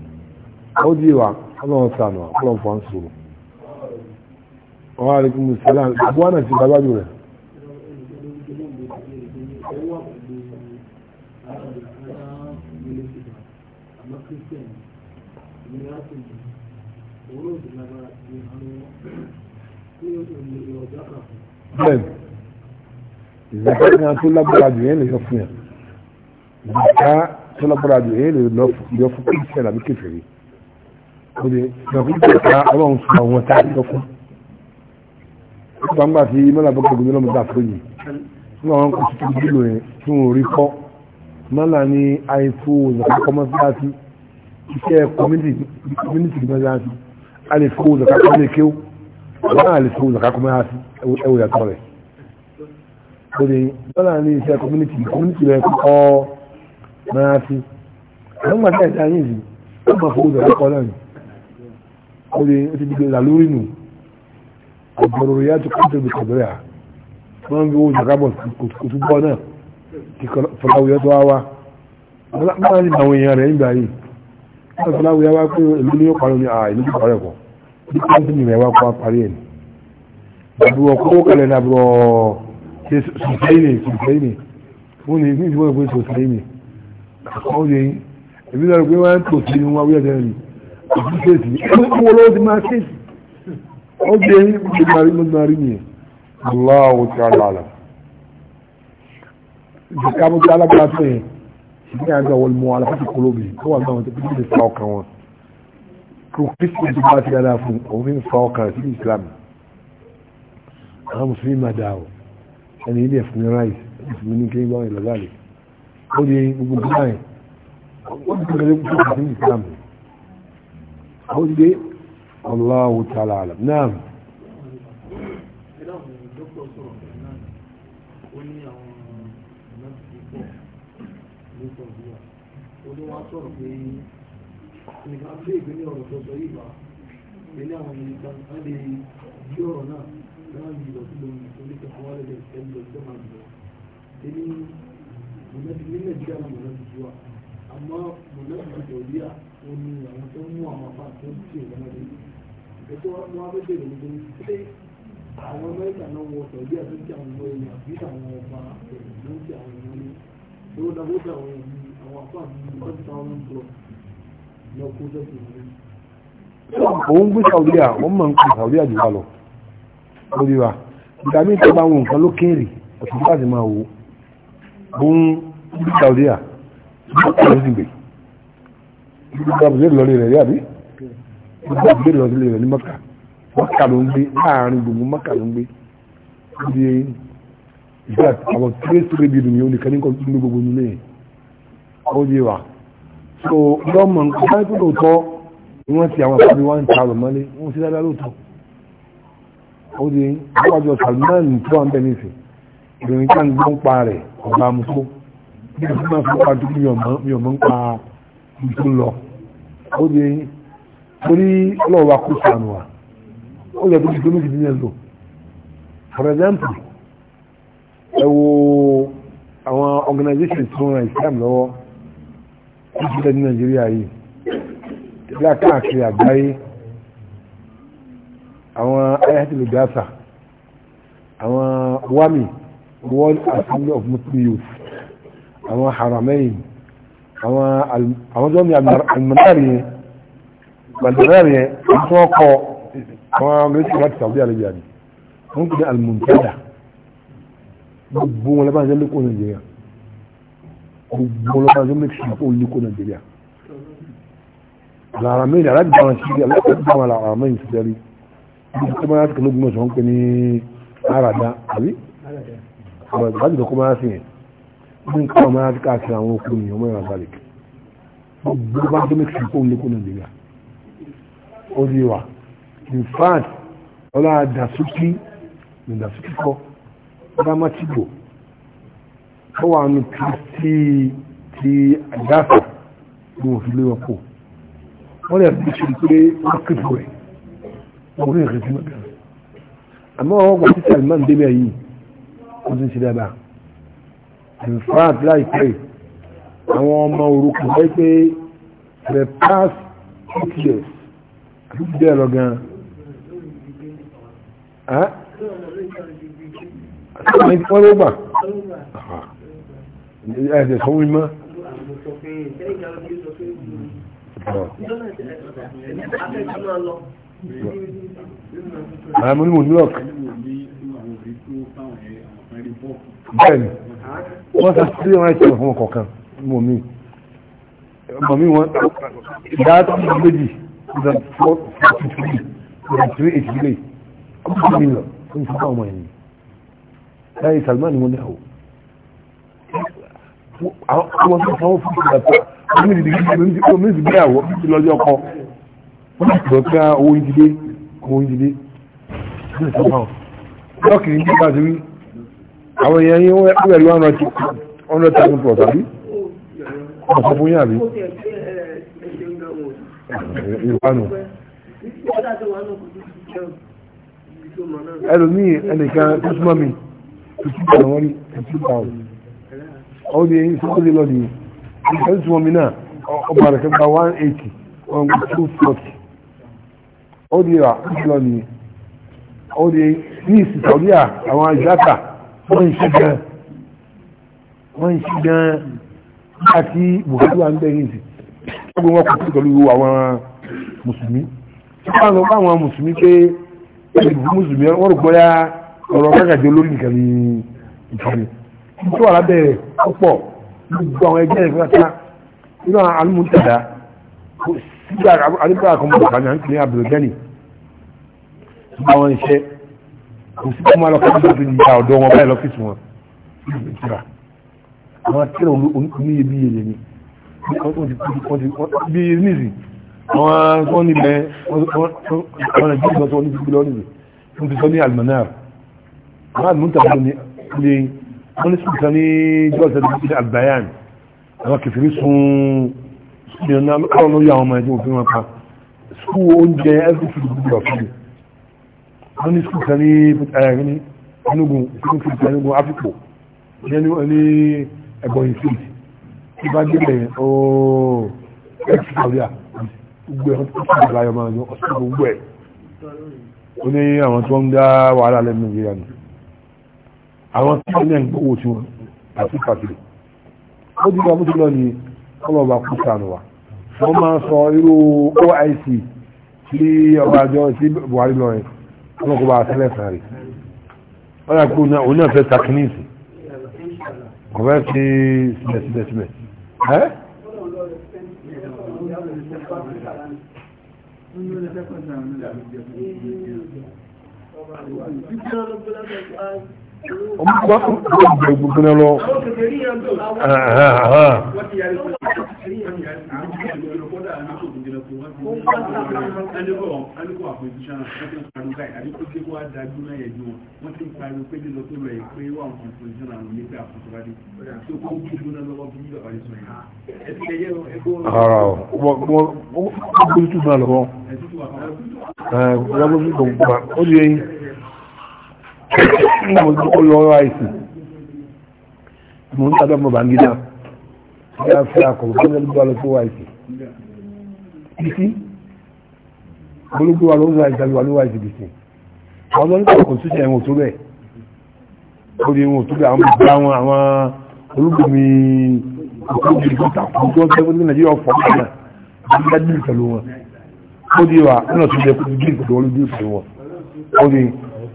ó di wa ọlọ́run sànù ọlọ́run fọ́n sòrò wọ́n alikun musulman àbúwá náà ti bàbá jù rẹ̀ bẹ́ẹ̀ni ìzàká ní a tó lágbára jù yẹn lè yọ fún yà ìzàká tó lágbára jù yẹn lè yọ fún kí n sẹ́yìn àbí kékeré òde ìgbàkú ìjọba ọlọ́run fún àwọn ọ̀tá ìjọkún gbangba ti mọ́là bọ́kà gómìnà mọ́ta fòyè tí wọ́n kò sí tó dìlò ẹ̀ tí wọ́n rí kọ́ mọ́là ní àìfò òzàkọ́ mọ́sáàtì iṣẹ́ community mọ́sáàtì àlèfò òzàkọ́ mẹ́kẹ́ wọ́n àlèfò òzàkọ́ mọ́sáàtì ẹwù yàtọ̀ rẹ̀ òde mọ́là ní iṣẹ́ community community rẹ̀ kọ́ mọ́sáàtì àwọn gbàgbà ìdáyìn yìí wọ́n máa fò òzàkọ́ náà ó lè ó ti dìde làlórí nù ọ̀gbọ̀rọ̀ yá ti kọ́ńtò bí kọ̀dọ̀rẹ́ à wọ́n ń gbé owó ìjàkábọ̀ kò tún bọ́ náà kí fọláwìyá tó wá wá máa ní àwọn èèyàn rẹ̀ nígbà yìí wọ́n fọláwìyá wá pé ìlú ní ọ̀pá lónìí àà ìlú ìpàrẹ̀ kọ̀ bí kọ́ńtìnì rẹ̀ wá kọ́ parí ẹ̀ àbúrò kó kalẹ̀ ní àbúrò sùsẹ́yìnì sùsẹ́yìnì fún ní ní ìdíwọ́n pé sùsẹ́yìnì àkọ́ òfin fèsì ẹgbẹ́ wọn lọ́wọ́ ti máa fèsì ó gbé yín ló máa rí ló máa rí nìyẹn aláwọ̀ tí a lọ àlà ìjọba mo ti alágbára tó yẹn ìdí àjọ wọlé mọ aláfàtì kólóbì tó wà náà tó fi fa ọkàn wọn kò kristian ti bá ti dáadáa fún òun fi fa ọkàn sí islam àwọn mùsùlùmí máa dà o ẹni ilé ẹ̀fún rice mùsùlùmí ní kéwàá ìlọ́gàlè ó di gbogbo báyìí ó di gbogbo ìlú kò sí islam الله oúnjẹ Allahu ta'ala alam náà Àmọ́ mọ̀lẹ́bí ìjọ̀lẹ́à ó ní àwọn tó mú àwọn apá tó ń tì wọ́n lé ètò wọn fẹ́ bèrè ní pé àwọn amẹ́ríkà náà wọ ọ̀tọ̀ bí àti ti àwọn ọmọ ènìyàn bí àwọn ọba ẹ̀rù ló ń ti àwọn ènìyàn ní ló dáwó dá àwọn ẹ̀mí àwọn apá mi one thousand block lọ kó jọ́sìn ní. òun gbé sàwùdí à òun mọ̀ ń pè sàwùdí àjùbá lọ lórí wa ìgbà míì bá wọn nǹkan lókèèrè ọ̀sùn láti máa wò ó gbé sàwùdí à ìgbà tó ń gbàgbé lọlé rẹ̀ yàbí gbàgbé lọlé rẹ̀ ní mọ́kà mọ́kà ló ń gbé láàrin gbogbo mọ́kà ló ń gbé níbi ìgbà àwọn tírésì rẹ̀ bìrì yóò nìkan ní kan tún ní gbogbo nílé ó di wa so lọ́mọ nǹkan tó lóòótọ́ ni wọ́n ti àwọn àpárí wá ń ta àrò mọ́lé wọ́n ti dáadáa lóòótọ́ ó di àwájọ Salman tó wà ń bẹ̀ nísìn ìròyìn ká ń gbọ́n pa rẹ̀ ọ̀gá amúkó bí wọ́n fi tó lọ ó di torí ọlọ́run wa kó sànù wa ó lọ tó di tó méjì lò for example ẹ wo àwọn organization tó ń Islam lọ́wọ́ ní ìpínlẹ̀ ní Nàìjíríà yìí ìpínlẹ̀ káàkiri àgbáyé àwọn ayatollah gasa àwọn wami World Assembly of Muslim Youth àwọn Haramain àwọn jọ́mi alìmọ̀lẹ́rì yẹn alìmọ̀lẹ́rì yẹn tí wọ́n kọ àwọn ọmọdé láti Saudi Arabia ni wọ́n kìí alìmọ̀lẹ́dà gbogbo wọn lọ́bàá jẹ́ lẹ́kọ̀ọ́ Nàìjíríà gbogbo wọn lọ́bàá jẹ́ lẹ́kọ̀ọ́ Nàìjíríà alàràmẹ́ni alábìbọn àti alábìbọn alàràmẹ́ni ti jẹ́rí ibi tó máa ń sọ̀rọ̀ gbọ́n sọ̀rọ̀ ń pè ní àràdá àbí àwọn ìgbàlódé kó máa ń sìn yẹn ní nǹkan ọmọ láti káàkiri àwọn okùn ní ọmọ ìrìn àbálẹ̀ gbogbo bá tó mẹ́kì kó ní kó nàìjíríà ó di wà in fact ọlá dàsúkí ní dàsúkí kọ́ ọba mátìgbò ó wà nù tí ti àgáfà ní òfin lé ọkọ̀ wọ́n lè fi ṣe pé wọ́n kéfò rẹ̀ wọ́n rí ìrìn àmọ́ ọgbà títà ìmáà ń débẹ̀ yìí ó ti ń ṣe dáadáa in france láìpẹ́ àwọn ọmọ òrukàn wáyé pé the past eight years àti bẹ́ẹ̀ lọ gan wọ́n ló gbà ẹ̀sẹ̀ sọ wí mọ́ Ìjọba ìṣẹ̀lẹ̀ ìjọba ìṣẹ̀lẹ̀ àwọn ọmọ onímọ̀ york bẹ́ẹ̀ni wọ́n sá sí wọn ẹ̀ṣẹ̀ fún ọkọ̀ọ̀kan mọ̀ mí mọ̀ mí wọn dáàtọ̀ méjì ìdá 43 ìdá 383 ọkọ̀ mi lọ fún ìfúnpá ọmọ ẹ̀yìn láyé Salman wọn náà àwọn ọmọ tó sanwó fún ìgbà tó omi ìdígbé wọ́n ti sọ pé owó ń dìde owó ń dìde lọ́ọ̀kì ní bí bàtí wí àwọn èèyàn yín wọ́n bẹ̀rẹ̀ wọn rántí one hundred thousand plus àbí wọ́n sọ fún yín àbí. ìpanu ẹlòmíì ẹnìkan tó súnmọ́ mi fifty thousand wọ́n ní fifty thousand ọ̀hún ni èyí sọ́kúndé lọ́ọ̀dì yìí ẹnìkan tó súnmọ́ mi náà ọba rẹ̀ kẹta one eighty one two forty ó di rà lọ ní ó di ní ìsìtọ̀rí àwọn àjákà wọ́n ń ṣe gan wọ́n ń ṣe gan láti bùkátù wa ń bẹ̀rẹ̀ ìsì ọgbọ̀n wọn kò sí pẹ̀lú àwọn mùsùlùmí tí wọ́n lọ bá mùsùlùmí pé ìbùkú mùsùlùmí wọ́n rò gbọ́yá ọ̀rọ̀ kákàdé olórí nìkan ní ìtọ́ni tó wà lábẹ́rẹ̀ púpọ̀ gbogbo àwọn ẹgbẹ́ ìfẹ́ nígbà àdúgbò àkọmọdé kan náà ní abdulgani nígbà wọn iṣẹ́ kò sí kó máa lọ fún ìgbà tó ní ìyá ọ̀dọ́ wọn báyìí lọ́fíìsì wọn nígbà àwọn akẹ́rọ̀ oníkùnrin bí yẹlẹ ni bí nísì àwọn tó ní bẹ wọn lè jíjọ tó ní gbígbé lọ níbi wọn ti sọ ní almanar àwọn àdúgbò ní wọn ní sùn kan ní jọ́ọ̀sẹ̀ ní albayan àwọn kẹfìrí sun ìrìnà ọ̀nà yà ọmọ ẹ̀jẹ̀ òfin wọn pa skul oúnjẹ everything gbogbo ọ̀fẹ́ wọn ní skul kan ní ẹ̀rìn ní enugun skul fi ti enugun afikpo ní ẹgbọ̀nyìn fi ti bá débẹ̀ ooo ẹ̀kí kàwéà gbogbo ẹ̀kọ́ tó ti gbà láyọ̀ máa yọ ọ̀sán gbogbo ẹ̀ ó ní àwọn tó ń dá wàhálà lẹ́nu nàìjíríà ni àwọn tí wọ́n ní ẹ̀ ń gbówó tiwọn àti pàtìlẹ̀ ó dìgbà mú ti lọ nìyẹn ọlọ́ba kú sànù wa wọ́n máa sọ irú oic tí ọba àjọ sí buhari lọ yẹn ọlọ́kọ̀ọ́ba àtẹ́lẹ̀ sàn rí wọ́n yà kó òun náà fẹ́ takiníìsì kò fẹ́ sí síbẹ̀síbẹ̀síbẹ̀ ẹ́ Thank you ọmọ gbogbo lọ ara ọgbọ́n tó tún náà lọ́wọ́ ẹgbẹ́ tó tún náà lọ́wọ́ ó di ẹyin nígbà mo kó lọ ọ̀rọ̀ àìsàn mo ń tàbí ọmọ bàngídá bí a fi àkọ̀wé fún ẹgbẹ́ lọ fún àìsàn bísí ológun wa ló ń láì tàbí wa ló àwọn ọmọ nípa kò túnṣe ẹ̀wọ̀n tó bẹ̀ orí ẹ̀wọ̀n tó bẹ̀ àwọn bíbí àwọn àwọn ológun mi òkúbi ìgbọ́ta kò tó ṣe fún nàìjíríà ọ̀fọ̀ náà bí dájú ìtẹ̀lú wọn ó di wa ọ̀nà tó jẹ kó ti dín ìtẹ̀lú wọn ó di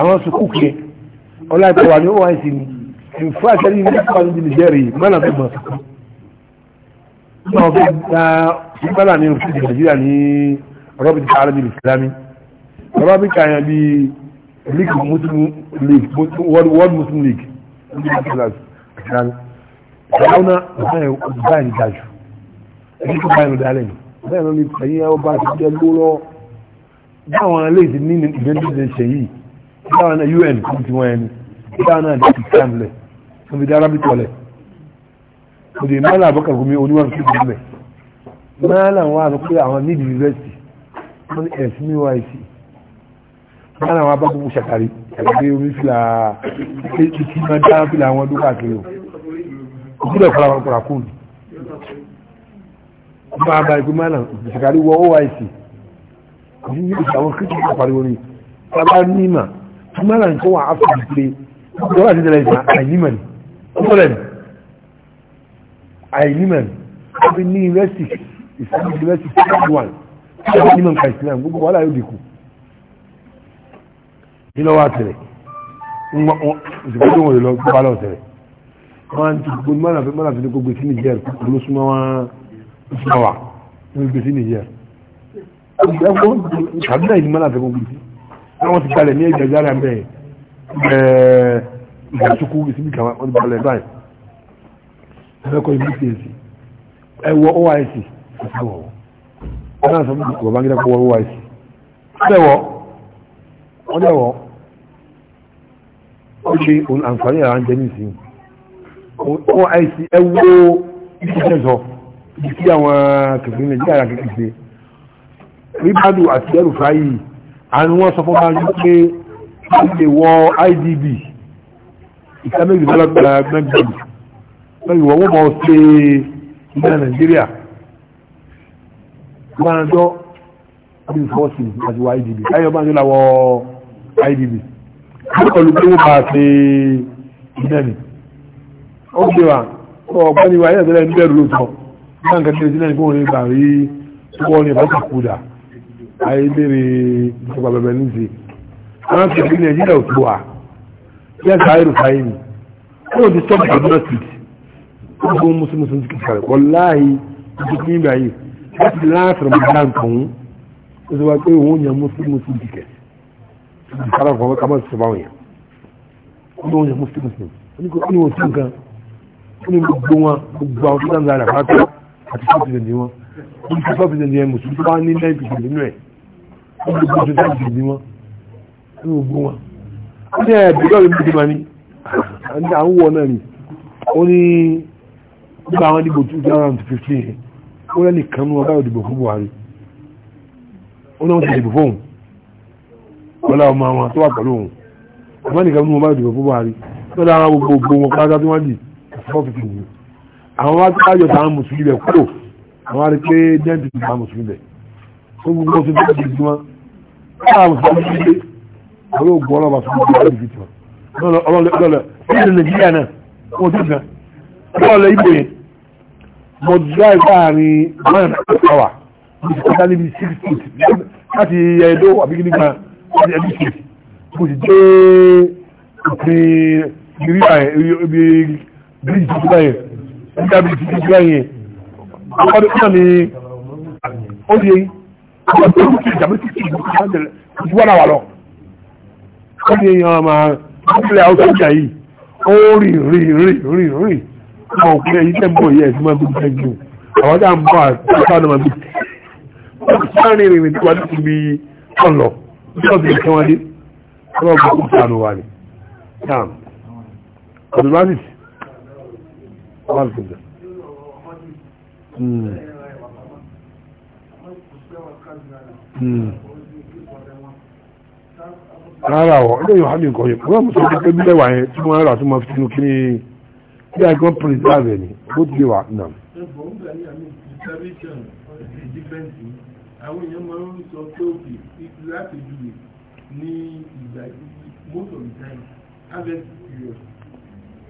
àwọn sukuk yẹ ọlọ́pàá wà ní oic ni ìfọ́ àtẹ́lẹ́ ìwé ìfọ́ àti nìjẹ́rì mọ́nà tó gbọ́n sukuk náà fi gba ìgbàlá ní òfin nàìjíríà ní rọ́bìtì káàrọ̀ bíi ìsìlámì rọ́bìtì àyàn bíi league muslim league world muslim league ní ìsìlámì ìsìlámì báyìí ní dájú ẹni tó báyìí ló dálẹ̀ ní báyìí ló ní ìsìlámì ọba àti ìjẹ́ lóró báwọn aléèdè ní ìdẹ́ndínlẹ̀ ṣe yìí dáwọn náà un kún ti wọ́n ẹni dáwọn náà dẹ́kì kán lẹ̀ wọ́n fi dára bí tọ́lẹ̀ òdè mọ́lá àbọ́kà gómi oníwọ̀n fi gbọ́n mẹ́ mọ́lá wọn sọ pé àwọn ní yunifásitì wọ́n ní ẹ̀sìn ní wáyé sí mọ́lá wọn bá gbogbo ṣàkàrí ẹgbẹ́ orí fìlà títí máa dá fìlà àwọn ọdún káàkiri o òkúdọ̀ kọ́ra kúrò bá a bá ikú mọ́lá ṣàkàrí malan kowa a afirka ne kowa a jidala ita a yi mani ƙwarar a yi mani abin ni university islamic university one a yi mani ka islam gbogbo wala yau diku ilo wa tere ìsìnkú wọn lọ gbogbo alọ tere wọn ti gbogbo mana fi mana fi ni gbogbo sí niger ló súnmọ́ wọn súnmọ́ wa ní gbogbo sí niger ẹgbẹ́ wọn kàbí náà ìdí mana fi gbogbo sí wọ́n ti balẹ̀ ní ẹgbẹ̀ yára mẹ́ ìgbàsókú ìsinmi kan wọ́n ti balẹ̀ báyìí ẹ̀kọ́ ìmúkèsì ẹwọ oic ìsẹ́wọ̀ wọ́n náà sọ fún ìgbà báńgídá kọwọ́ oic ìsẹ́wọ̀ wọ́n dẹ̀wọ̀ ó ṣe òun àǹfààní àrà ń jẹ ní ìsìn oic ẹwọ ìṣẹ́sọ ìdí sí àwọn kẹfìrí nàìjíríà kẹfìrí rí bádùn àti ẹrù fáyìí àrùn wọn sọ fún ma ní pé ṣe wọ idb islamic development bank lẹ́yìn wọ́n mọ̀ ṣe ilẹ̀ nàìjíríà gbọ́nàjọ́ ọdún fọ́ọ̀sì àti wọ idb káyọ̀ bá ń jọ láwọ idb kọlu pé wọ́n bá ṣe ilẹ̀ ni ó gbé wa ọ̀gbọ́n ni wa ayé àtẹ́lẹ̀ ń bẹ̀rù lóòótọ́ náà nǹkan tí ó ti náà ní kó wọ́n lè gbà rí tó wọ́n lè bá ti kú dáa ayé léèrè ìjọba bẹ̀bẹ̀ ní ṣe wọ́n ti fi nàìjíríà òtù wa yẹ́sà ayélu fàáyé ni wọ́n ti sọ́ọ̀bù àdúrà street wọ́n fún mùsùlùmí ti kìkà rẹ̀ wọ́láhì ti fi níbi ayé wọ́n ti láàfin ramadan kan ó sọ wá pé òun yàn mùsùlùmí ti kìkẹ́ ti kára fún ọmọ kámọ́ sọ báwọn yàn wọ́n yàn mùsùlùmí ti kìkẹ́ wọ́n ni wọ́n tún kan wọ́n ni gbogbo wọn gbogbo àwọn tó dáńdá rẹ̀ pátá àti fọ́ọ̀tì wọ́n ti gbọ́dọ̀ dáàbò ní wọn ní ogun wọn. wọ́n ní ẹ̀bí lọ́ọ̀rì mi ti máa ní àwọn wọ̀ náà ni ó ní nípa àwọn ìdìbò two thousand and fifteen ó lẹ́nì kan ní wọn báyọ̀ náà ti dìbò fóun lọ́la ọmọ àwọn tó pẹ̀lú òun ọmọ nìkan ní wọn báyọ̀ dìbò fún Buhari àwọn gbogbo wọn pátá tí wọ́n dì four fifty àwọn wá káyọ̀ mùsùlùmí bẹ̀ kúrò àwọn arí pé dẹ́ntì táwọn mùsùlùmí bẹ̀ káàmù fún mi ṣe àwọn ògùn ọlọ́ba fún mi ṣe ìdíje tó lọ́lọ́ ìlú nàìjíríà náà wọ́n ti gan lọ́lọ́ ibò yẹn mo drive láàrin one hour mo ti kọjá níbi six feet láti ẹ̀ẹ́dọ́ àbíkí nígbà láti ẹ̀dí feet mo ti dé òpin ìrírà ibi bíríjì tó gbá yẹn nígbà bíríjì tó gbá yẹn ọdún náà ni ó di eyín àwọn tó ń kiri jàmbá títí ìlú kan jẹ ojú wọn wà lọ. wọ́n ní yan máa nílẹ̀ àwọn sọ́jà yìí ó rìn rìn rìn rìn rìn àwọn òkú ẹ̀yìn tẹ̀ ń bọ̀ yẹ ẹ̀sìn máa bí bẹ́ẹ̀ jù àwọn tá ń bọ̀ àtúntà náà máa wọ́n ti sáré rìn rìn rìn tiwa nítorí bí wọ́n lọ nítorí bí wọ́n dé wọ́n gbọ́ kó sànù wà ní. ọ̀dùnmáàlì Hmm. rárá ọ̀ ilé yóò hàmì nǹkan yẹn wọ́n mú sọ pé bílẹ̀ wà yẹn tí wọ́n rà tó máa fi tinú kí bí i kan preserve ni bó ti wà nà.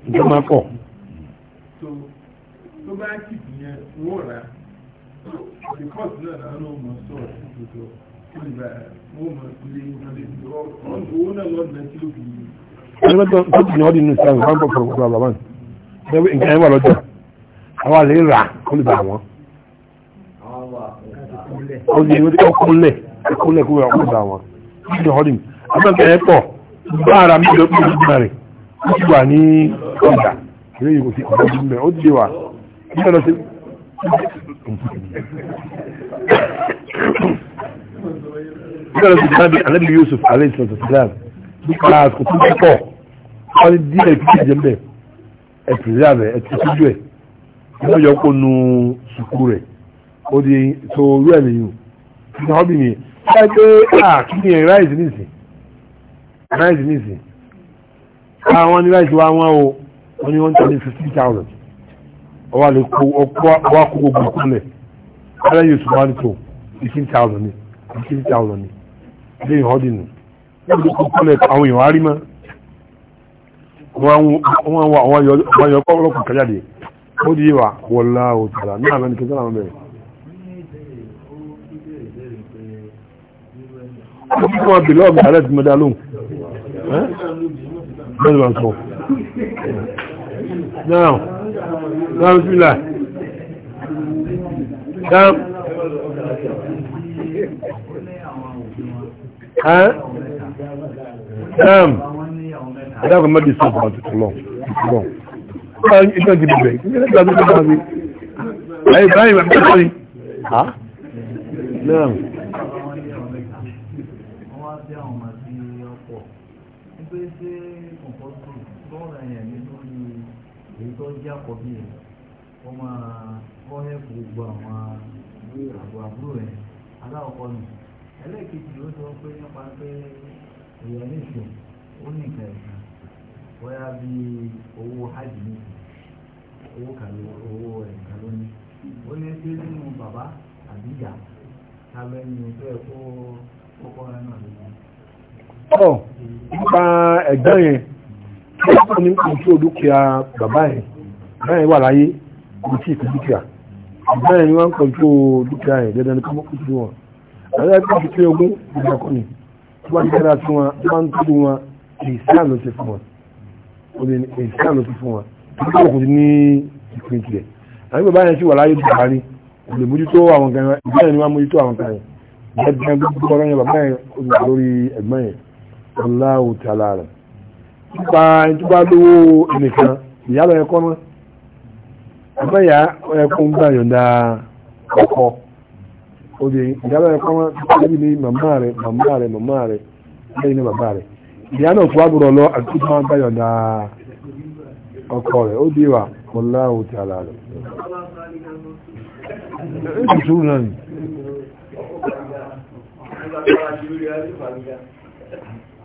ìjọba pọ̀ olùkọ́sí náà lánà ó mọ̀ sọ òtútù olùbà ó mọ̀ sílé ìwọlé owó náà lọ́dún náà tí ó fi yí. ẹgbẹ́ tó tó ti ní ọdún nínú sáà nǹkan fọ̀rọ̀ fọ̀rọ̀ bàbá mi ẹgbẹ́ nǹkan ẹ̀ wà lọ́jọ́ àwọn àlè rà olùbà wọn. ó ní ìwé tó kúnlẹ̀ kúnlẹ̀ kúnlẹ̀ olùbà wọn ní ọdún abẹ́kẹ̀ ẹ̀ pọ̀ bá ara mi lọ pẹ̀lú ìgbà rẹ̀ ó ti wà ní ọjà ìrẹ́yìn kò sí ọ̀dọ́ nígbà tó dábì anábì Yusuf alayhi sallam nípa àsìkò tó pọ̀ wọ́n ní díẹ̀ kí ẹ̀jẹ̀ mbẹ̀ ẹ̀ pìrìyàbẹ̀ ẹ̀ tó tójú ẹ̀ wọ́n yọ kó nu sùkú rẹ̀ ó di tó rú ẹ̀ nìyí ní ọ́bì mi wọ́n pé kí ni ráìsì nìsín ráìsì nìsín àwọn ní ráìsì wa wọ́n o wọ́n ní wọ́n tẹ̀lé fifteen thousand ọwá lè kó ọwá kó gbogbo ìkúnlẹ̀ ẹlẹ́ yóò tún wá ní tó fifteen thousand ní fifteen thousand ní ilé ìhọ́dì nù níbi kó kọ́lẹ̀ àwọn èèyàn arí mọ́ wọ́n wá àwọn ayọ̀ ọkọ̀ ọlọ́kùn kájáde ó di wa wọlá òtàlà ní àmì ẹnìkan sọ́nà mẹ́rin. ó ti kọ́ bìlọ́ ọ̀gbìn ààrẹ ti mẹ́ta lóhùn bẹ́ẹ̀ ni wọ́n sọ náà bísímìlà dáàm dáàm adáàkọ̀ mẹ́bí sọ fún àtúntò lọ ìtùlọ ìjọ ti bẹ̀rẹ̀ ìjọ ti bẹ̀rẹ̀ ayé báyìí wà pẹ́ẹ́sì ni ha náà èyí tó ń jẹ́ àkọ́bí rẹ̀ wọ́n máa kọ́ ẹ̀kọ́ gbogbo àwọn àbúrò àbúrò rẹ̀ aláwọ̀kọ́ nù ẹlẹ́ẹ̀kejì ó sọ pé nípa pé èèyàn nìṣó ó ní ìka ẹ̀ka bóyá bí owó hajj ní owó kàló owó ẹ̀ka lónìí ó lé dé nínú bàbá àbí ìyá tàbí ẹni tó ẹ̀ kó rẹ̀ náà lónìí. ọ̀ nípa ẹ̀gbọ́n yẹn ọ̀pọ̀ ní kòtò dúkìá bàbá ẹ̀ báyìí wà láyé kò tí ìpín dúkìá báyìí ni wọ́n ń kòtò dúkìá ẹ̀ dandan ní kọ́mọ́ kòtò wọn àwọn ẹgbẹ́ ti pé ogún ìgbà kọ́ni tí wọ́n ti dára sí wọn wọ́n ń tọ́jú wọn ìsáà ló ti fún wọn ó lè ìsáà ló ti fún wọn tó kọ́ kò ní ìpín tiẹ̀ àwọn bàbá yẹn sì wà láyé dùkà ni kò lè mójútó àwọn kan báyìí ni wọ́n mójútó àwọn kan yẹn gbẹgbẹ gbogbo ọ̀rọ̀ yẹn bàbá yẹn nípa ìtúbá lówó ẹnìkan ìyá lọ ẹkọ náà àmọ́ ìyá ẹkọ ń gbà yọ̀ǹda ọkọ oye ìyá lọ ẹkọ náà níbi ní màmá rẹ màmá rẹ màmá rẹ lẹ́yìn ní bàbá rẹ ìyá náà tó wá gbọ́dọ̀ lọ àti máa gbà yọ̀ǹda ọkọ rẹ ó di wà wallahu ta'ala rẹ. ètùtù náà ni.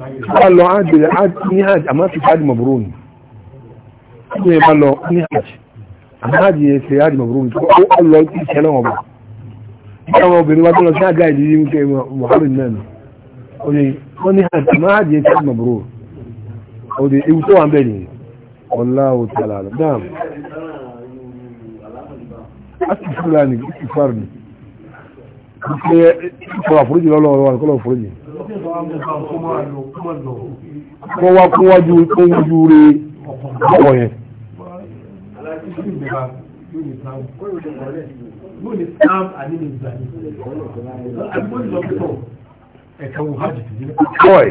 bá lọ ábìlẹ̀ ní hajj àmọ́ ti hajj mọ̀bùrú ni tó yẹ bá lọ ní hajj àmọ́ hajj yẹ ṣe hajj mọ̀bùrú ni ó lọ sí ìṣẹ́ náà ọba bí àwọn obìnrin wa tó lọ sí hajj àìdí ní kẹ muhammed náà ni ó yẹ wọ́n ní hajj àmọ́ hajj yẹ ṣe hajj mọ̀bùrú ó yẹ ewu tó wà ń bẹ̀ nìyẹn wallahu ta'ala dáàmù asìkúrò ní ìfàrù ní ìfọ̀rọ̀ àforíjì lọ́lọ́wọ́ kọ́lọ̀ àforíjì kọ́ wá kún wájú tó ń ju re ọ̀pọ̀ yẹn. Boy.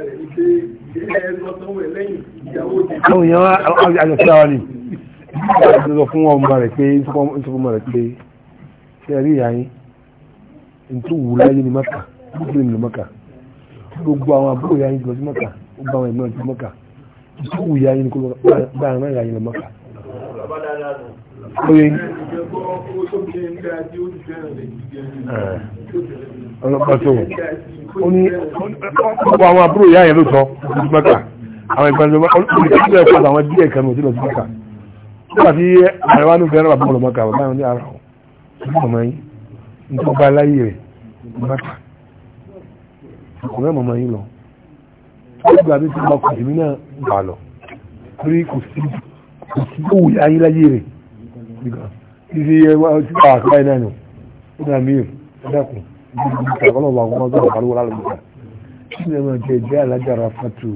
Ẹ́ àwọn èèyàn àjọṣe àwọn ni ìjọba fún ọmọ rẹ̀ pé ìsọfọmọ rẹ̀ pé ṣe rí ìyá yín wù láyé ní maka gbogbo ní maka gbogbo àwọn àbúrò ìyá lọ sí maka gbogbo àwọn ìmọ̀ sí maka ntú wù ìyá ní kó bá àwọn ìyá lọ maka. oye ọlọ́pàá tó wù ó ní ọ̀pọ̀ àwọn àbúrò ìyá yẹn ló sọ lójú mẹ́ta àwọn ìgbàlódé olùkọ́ ẹ̀kọ́ àwọn ẹbí ẹ̀kan ló sí lójú mẹ́ta nígbà tí àríwá ní fẹ́ràn bàbá ọlọ́mọ kà bàbá ní ara ọ̀hún ọmọ yín nítorí bá láyé rẹ̀ mẹ́ta kò mẹ́ mọ̀mọ́ yín lọ nígbà tí ti máa kọ̀ èmi náà gbà lọ torí kò sí kò sí owó ayé láyé rẹ̀ nígbà tí ti ẹ wá sí àwọn àkàrà náà nù ó dà mí ẹ̀ dákun ọlọ́wọ́ àwọn ọmọdé ọ̀pàlówó lálùmọ́ta kí ni ẹ̀mọ̀ jẹ́ ìjẹ́ alájà rafatu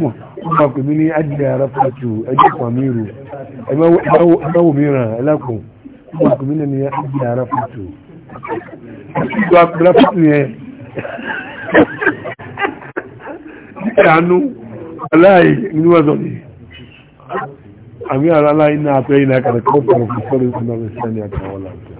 wọ́n máa pè mí ní ajílẹ̀ rafatu ẹjọ́ kan mi rò ẹgbẹ́wò mìíràn ẹlẹ́kùn wọ́n máa pè mí ní ajílẹ̀ rafatu ìjọ apẹ̀ rafatu yẹn ìyànú aláì ní wọ́n sọ ní àmì àlàlá iná àtẹ́yìn náà kàrẹ̀kọ́ pẹ̀lú fún sọ́rọ̀ ìfúnná ìfúnná ní àtàwọn làbẹ́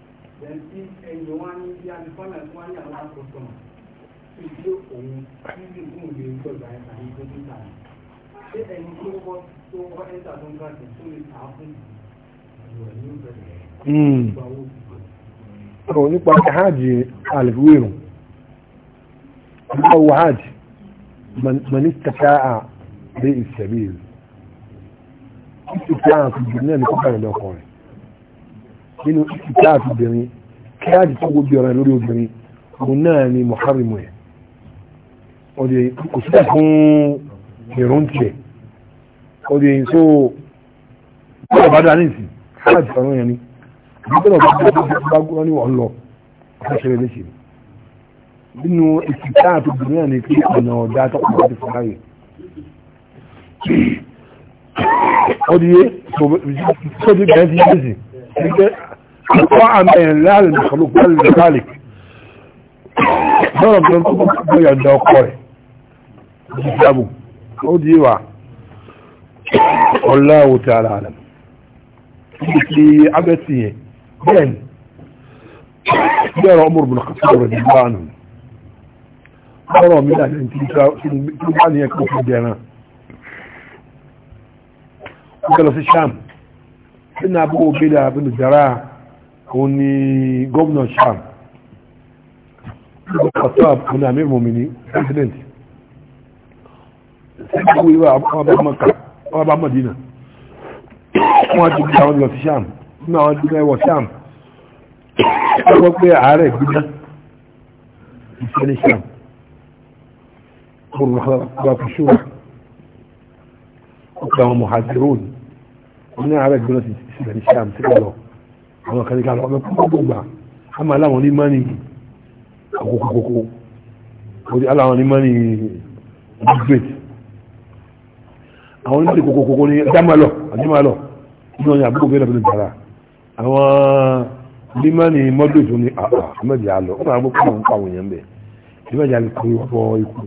lẹ́yìn ẹ̀yìn wá ní bí adìfọ́nà tí wọ́n ní àwọn àkọ́kọ́ tí tí òun ní bí fún ìwé ìjọba ẹ̀ka ní tó títà rẹ̀ ṣé ẹ̀yìn tó wọ́ tó wọ́ ẹ̀ta tó ń bá tẹ̀ tó lè tà á fún ìwọ̀ ní ìbẹ̀rẹ̀ ìgbà owó ọ̀rọ̀ nípa hajj alfiwiru ọ̀rọ̀ hajj manistata a bí ìsẹ̀bí ìlú ìsìkí àwọn àkùnjù náà ní kọ́kànlélọ́kọ̀ọ́rẹ̀ nínú ìtààfi obìnrin kíláàdì tó gbogbo ọ̀rọ̀ lórí obìnrin òun náà ni muharrimu ẹ̀ ọdẹ kò sílẹ̀ fún ìrún tiẹ̀ ọdẹ so bọ́ọ̀ bá dá nísì kíláàdì ọ̀rọ̀ yẹn ni bọ́ọ̀ bá dá nísì bá gbọ́ ní wọ́n lọ ọ̀sán ṣẹlẹ̀ léṣe nínú ìtààfi obìnrin náà ni kí ọ̀nà ọ̀dá tó kọ̀ láti fún láyè ọdẹ sọ́dọ̀ gẹ̀ẹ́sì طاعة من لا المخلوق بل لذلك ضرب للقبط يعد وقاري يسلموا ودي وعا والله تعالى عالم في عبثية بين جار عمر بن الخطاب رضي الله عنه أرى من أهل الانتشار كمان يكون في الجنة وقال في الشام إن أبوه بلا بن الزراعة òun ni gómìnà sham kọ̀tọ́b òun àmì ìmòmìnì president sẹ́kọ̀ọ́ ìwà àwọn bá mọ̀dínà wọ́n ti gbé àwọn lọ sí sham nínú àwọn jùlọ ẹwọ̀ sham wọ́n pé ààrẹ gbígbá ìṣẹ́lẹ̀ sham olùrànlọ́pàá ọ̀pọ̀ àwọn mọ̀hàzíròn ní ààrẹ gbígbá ìṣẹ́lẹ̀ sham sílẹ̀ lọ àwọn kan ní ká lọ ọmọ púpọ̀ gbogbo a máa láwọn ní mọ́nì àkókòkòkò òdì aláwọn ní mọ́nì great àwọn onímọ̀lẹ̀ kòkòkòkò ní dámàlọ̀ àdímàlọ̀ nínú ọ̀yìn àbúkò bẹ́ẹ̀ lọ́pẹ̀lẹ̀ dára àwọn límọ́nì mọ́dún tó ní àmọ́dì àlọ́ ó máa gbọ́ pọ̀ ń pàwọn èèyàn bẹ̀ límọ́dì àlọ́ kò wọ́ ikú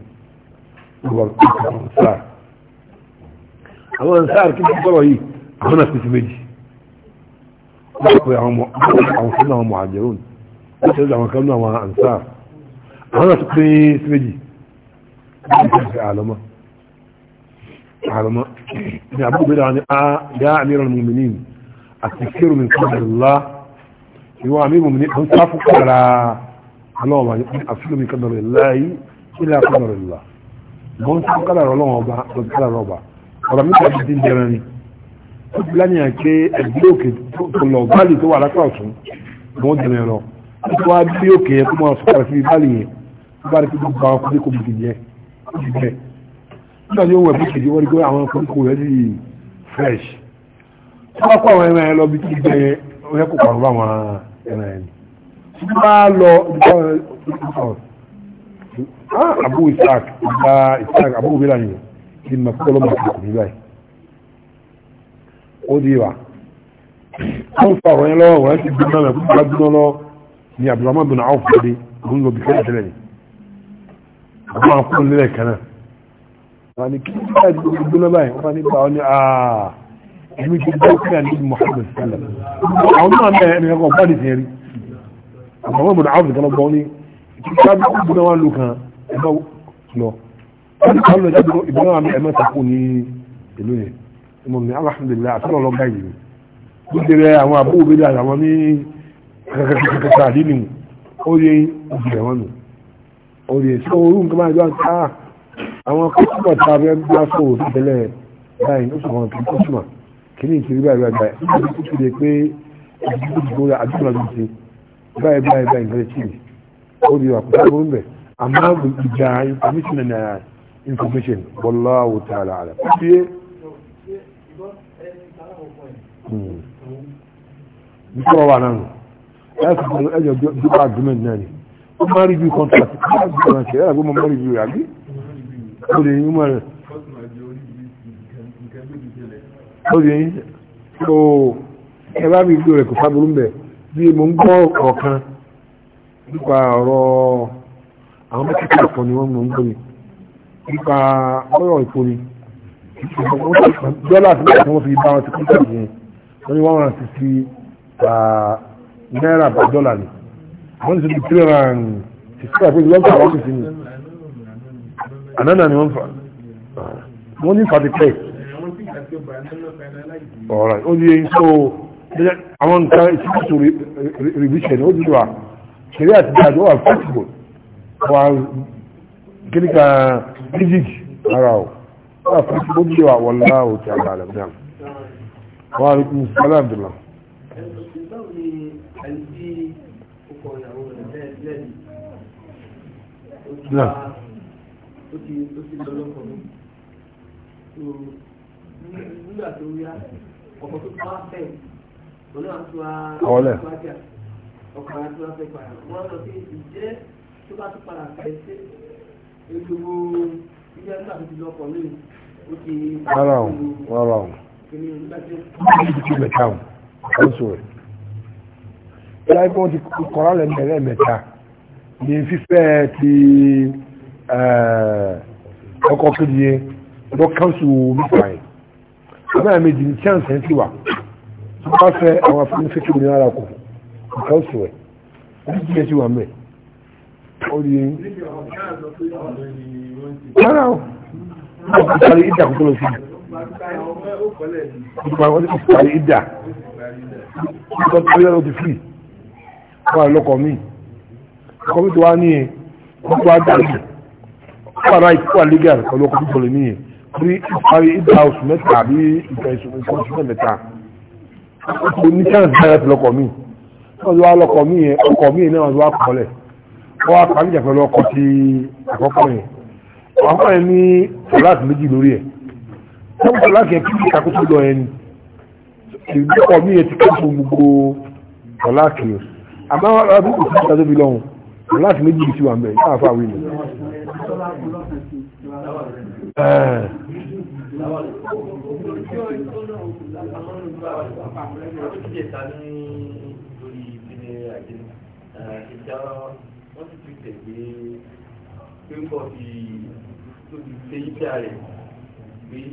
àwọn sáà kí n kọ́rọ̀ yìí àwọn náà fi ti méjì láàpẹ àwọn sílẹ̀ àwọn mọ̀hàjẹ̀rún láti ẹ̀rọ àwọn kanú àwọn ansar àwọn àti pé síbẹ̀jì láti àlọ́mọ́ àlọ́mọ́ ni àbúgbé dáa ni a dá àmìràn mùmìnì àti kírù mi kọ́dọ̀lá ìwọ àmì mùmìnì kan sáfù kára alọ́wọ́ ni àfihàn mi kọ́dọ̀lá yìí ilẹ̀ kọ́dọ̀lá mọ́ sáfù kára ọlọ́wọ́ ọba ọ̀rọ̀ mi kọ́dọ̀ ó ti lánìyàn pé ẹgbẹ́ òkè tó lọ báàlì tó wà lápá ọ̀tún ni wọ́n dẹ̀nà ẹ̀rọ ó ti wá bí òkè yẹn tó máa sọ̀rọ̀ sí báàlì yẹn tó bá rí pé gbogbo àwọn kúndé kòmìtì jẹ ó ti bẹ̀ nígbà tí ó wọ̀ bí kejì wọ́n rí pé àwọn kúndé kò rẹ́ sí fresh tó bá kó àwọn ẹran yẹn lọ bí kí yẹn ó yẹ kó pàrọ̀ bá àwọn ẹran yẹn tó bá lọ ah, abu isaac abu isaac abu obìnrin yẹn kí n máa ó di wa ó ń fa ọ̀rọ̀ yẹn lọ́wọ́ wọ́n ti gbóná lọ fún gbájúmọ́ lọ ní abdulhamid bin awf lóde òun ló bìkẹ́ ìtẹ́lẹ̀ ni àwọn akóhùn nílẹ̀ kan náà wọ́n ní kí ní báyìí gbogbo gbóná báyìí wọ́n ní bá wọn ní àà ah, èmi ti gbọ́ kí àní muhammed sallam àwọn náà bẹ́ẹ̀ ẹni kankan bá ní tiẹ̀ rí abdulhamid bin awf kan bọ́ ní ìtúkọ́ gbóná wọn lù kan ẹ̀ bá lọ wọ́n ní kí wọ́n lọ jáde ìgbóná wọn ẹ̀mẹ́ta kù ní ìlú yẹn mo ní alhamdulilayi àtúrò lọ́gbà yìí ó dèrè àwọn àbúrò bí dáadáa wọn ní kàkàkàkàkà àdínì ó yẹ ìjìyà wọn nù ó yẹ sọ orú nǹkan máa jọ ká àwọn kọ́sùmọ̀ tá a fẹ́ bí wọ́n fòwò sí tẹ́lẹ̀ báyìí ó sọ̀rọ̀ kí kọ́sùmọ̀ kí ní ìṣèlú báyìí báyìí báyìí ó ti lè pé àdúgbò ti gbóra àdúgbò ti ṣe báyìí báyìí báyìí nǹkan ti ṣe ó yẹ àkùtà burú bẹ̀ àmọ́ ìjà information and information wallahu ta'ala alam bí sọ̀rọ̀ wà náà ẹ̀sùn ẹ̀jọ̀ dúpọ̀ agreement náà ni ó máa rí bí contract ẹ̀rọ àgbọ̀ máa rí bí rẹ̀ àbí ó lè yín mọ̀ rẹ̀ ó lè yín ó ẹ bá mi gbé rẹ̀ kò fábùrú mbẹ̀ bí mo ń gbọ́ ọ̀kan nípa ọ̀rọ̀ àwọn mẹ́tẹ́ẹ̀kì kan ni wọ́n mọ̀ ń gbọ́ mi nípa ọ̀rọ̀ ìfoni dọ́là àti mẹ́tẹ́ẹ̀kì wọ́n fi bá wọn ti kọ́ńtà yẹn wọ́n ní one hundred fifty uh, náírà per dollar ni wọ́n ti di three hundred and sixty five pẹ̀lú wọ́n fà wọ́n fìfì ni ànánà ni wọ́n fà wọ́n ní fàtí pẹ́ ọ̀rọ̀ ó di eyín tó àwọn nǹkan ìṣèkóso revision ó dúró à ṣeré àti dájú ó wà flexible wà kíníkà rigid ara ó wà flexible ó dúró à wọ́n láwọ̀ tí a gbà lẹ́gbẹ̀ẹ́ wà á rí kún sálà àdùlà. nígbà tó yá ọkọ̀ tó bá fẹ́ ọ̀nà àtúwà ọkọ̀ àtúwà fẹ́ padà wọ́n lọ sí ìjẹ́ tó bá tún padà fẹ́ sí gbogbo ilé ẹgbẹ́ àti ti. rárá o rárá kí mẹ́ta o ó sọ rẹ̀ láì pọ́n ti kọ́ra lẹ́mẹ̀rẹ́ mẹ́ta ní fífẹ́ ti ọkọ̀ kejì yẹn lọ káńsù mẹ́ta yẹn abẹ́rẹ́ méjì ní chance ẹ̀ ti wà tó bá fẹ́ àwọn afẹ́fẹ́ kí ni ara kò káńsù rẹ̀ ní kí ẹ ti wà mẹ́ ó di yẹn. rárá ìdàkùn tó lọ sí i nípa wọ́n ti parí ìdá nípa tó yẹ́ ló ti fi wà lọ́kọ̀ mi ọkọ̀ mi ti wá ní ẹ̀ wọ́n ti wá dájú wà láì wà legal pẹ̀lú ọkọ̀ tó tọ̀lé níyẹn rí parí ìdá oṣù mẹ́ta àbí ìgbà ìṣòro ìṣòro oṣù mẹ́ta ó ní chance dára ti lọ́kọ̀ mi wọ́n ti wá lọ́kọ̀ mi yẹn ọkọ̀ mi náà wọ́n ti wá kọ́lẹ̀ wọ́n wá parí ìjà pẹ̀lú ọkọ̀ ti àkọ́kọ́ yẹn ọkọ̀ yẹn ní ọ̀lá àti méjì lórí ẹ̀ wọ́n tẹ̀lé láti ẹ̀kí ní ìkàkóso lọ ẹni ìgbẹ́kọ̀ mí ti kẹ́kọ̀ọ́ gbogbo ọ̀láàkì àmọ́ arábí kò sí ìtàjọ́ bí lọ́hùn ọ̀láàkì méjì bí sí wà mẹ́ náà fà wí ni. wọ́n ti tún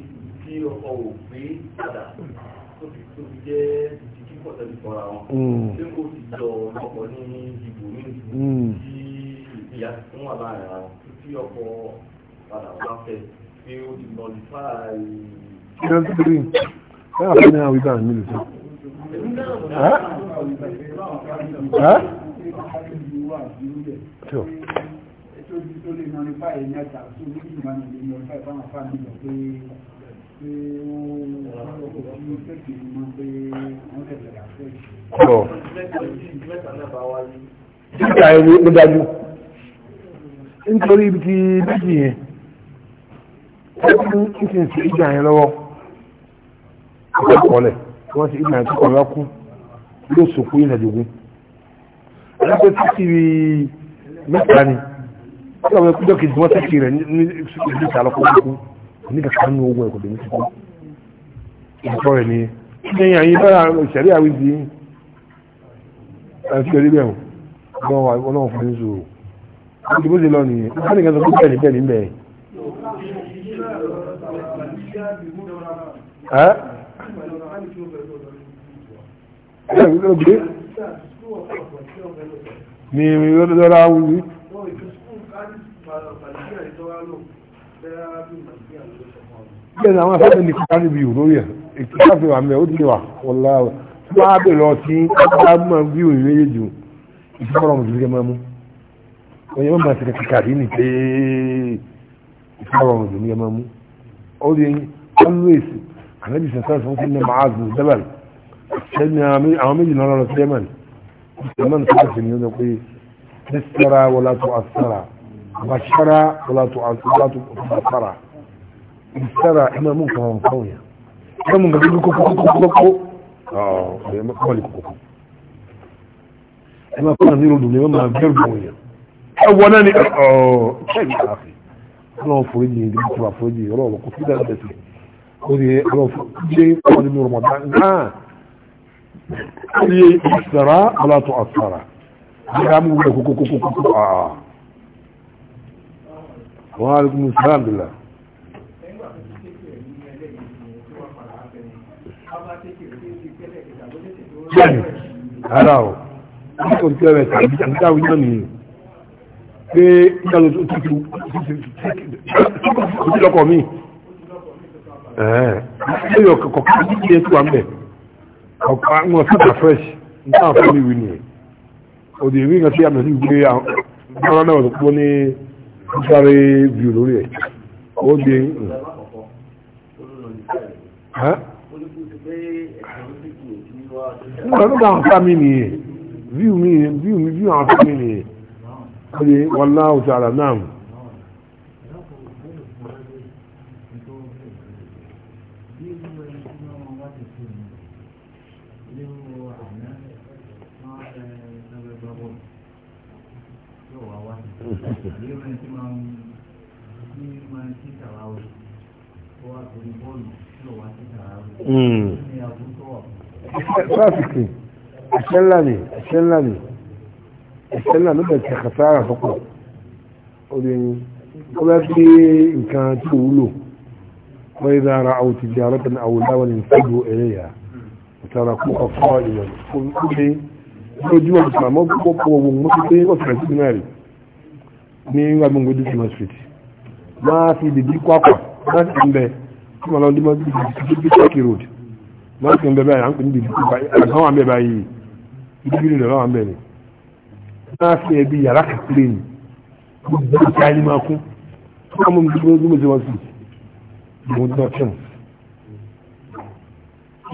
tí ọkọ̀ ò pé padà tó fi jẹ́ ti kíkọ̀ tẹ́lẹ̀ fọ́ra wọn tí mm. kò sì jọ ọkọ̀ ní ìbò ní tí mm. ìyá fún wà láàrin ara tí ọkọ̀ padà wá fẹ́ pé ó ti lọ sí fáàrí. kí ń tó dé ẹ àfi àwọn ibà mi lè sọ. Sure lè nọ nípa ẹ̀yìn ẹ̀ta tó ní ìmọ̀ nípa ìfáwọn fáwọn ìjọ pé ọ̀ títà ẹni ló dájú nítorí ibi tí méjì yẹn ọdún kìsìn sí ìjà yẹn lọ́wọ́ ọ̀pọ̀lẹ̀ wọ́n sì ìjà yẹn tó kọ̀ọ̀lá kú ló sòkú ìlàjògún ẹgbẹ́ títì mẹ́ta ni wọ́n lọ́wọ́ ẹkújọ́ kejì wọ́n tẹ́kì rẹ̀ ní ìsìnkú ìlú ìsàlọ́kọ̀ọ́kú kò ní kankan ní ogun ẹ̀kọ́ tèmi ti kú ìkọ́ rẹ̀ ni lẹ́yìn àyín bá ìṣẹ̀rí àwìn di àti ìṣẹ̀rí bẹ̀rù ọlọ́run wà ọlọ́run fún mi sòrò ó ti bó ṣe lọ nìyẹn ó ní kan sọ pé bẹ́ẹ̀ ni bẹ́ẹ̀ ni bẹ́ẹ̀. ni lọ́dọ̀ lọ́dọ̀ bẹ́ẹ̀ ni àwọn afẹ́fẹ́ ní kíkà níbi ìròrí ẹ̀ ìkíkà fi wà mẹ́ ó ti wà wọlá tí wọ́n á bè lọ sí ọgbà máa gbé òyìn méjì jù ìfọ́rọ̀ mùsùlùmí kẹ́ máa mú wọ́n yẹ máa tẹ̀kẹ́ kíkà rí ni pé ìfọ́rọ̀ mùsùlùmí kẹ́ máa mú ó rí always ànábì sẹ̀sán fún kí ní máa zù dẹ́bẹ̀l sẹ́ni àwọn méjì náà lọ sí ẹ̀mẹ́n ìfọ́rọ̀ mùsùlùmí kẹ́ máa mú بشرى ولا تبصرى بشرى اما ممكن من قوية كم من قبل كوكو كوكو كوكو اه ما قبل كوكو اما كنا نيرو دوني ما غير قوية اولا ني اه شيء يا اخي انا فريدي دي كوا فريدي ولا كنت ده ده ودي انا فريدي قبل نور رمضان اه بشرى ولا تؤثر يا مو كوكو كوكو اه wọ́n á rí mú islam dìlà. bẹ́ẹ̀ni ara o ní kò tí ẹ̀rẹ̀ tàbí àbíká wí náà nìyí pé ìyàwó tó tutù kò sí lọ́kọ̀ mi ẹ̀ẹ́ ẹ̀yọ̀ kọ̀ọ̀kan ní ilé tó wà ń bẹ̀ ọ̀pá ń wọ́n síta fresh ní táwọn fún mi wí nìyẹn òdì ìrìn kan sí àmì sí gbé àwọn náà wọ́n ní ń sáré bí olórí ẹ̀ ó dé nígbà tó bá àwọn fámi nìyẹn víu mi víu mi víu àwọn fámi nìyẹn ó dé wọn náà ó sàrà náà sáàsìkì hmm. ẹ̀ṣẹ̀ ńlá ni ẹ̀ṣẹ̀ ńlá ni ẹ̀ṣẹ̀ ńlá ló bẹ̀rẹ̀ kàtàrà fọ́pọ̀ obìnrin ó bẹ́ fi nǹkan tí ó wúlò wọ́n yíra ara àwọn ti jẹ́ arọ́tàn àwòlá wọn ní fẹ́gbọ́ ẹ̀rẹ́ yà ìtara kó ọ̀fọ́ ìwọ̀n kó dé lójú ọ̀sán àmọ́ púpọ̀ pọ̀ wọn mo ti pé ọ̀sán sí náà rí ní wàgbọ̀ngbọ̀dù kìmọ̀ street máa fi dìdí kwakwa láti ń bẹ́ẹ̀ tí wọ́n lọ dí mọ́ bí sẹ́kì road wọ́n ti ń bẹ báyìí à ń pè ní bìbí àgbọn wà ń bẹ báyìí bíbí rẹ̀ ni náà fi ẹbí yàrá kékeré ni gbogbo ìta ẹni máa kú tí wọ́n mú mi dúró bí mo ti mo dán fún un.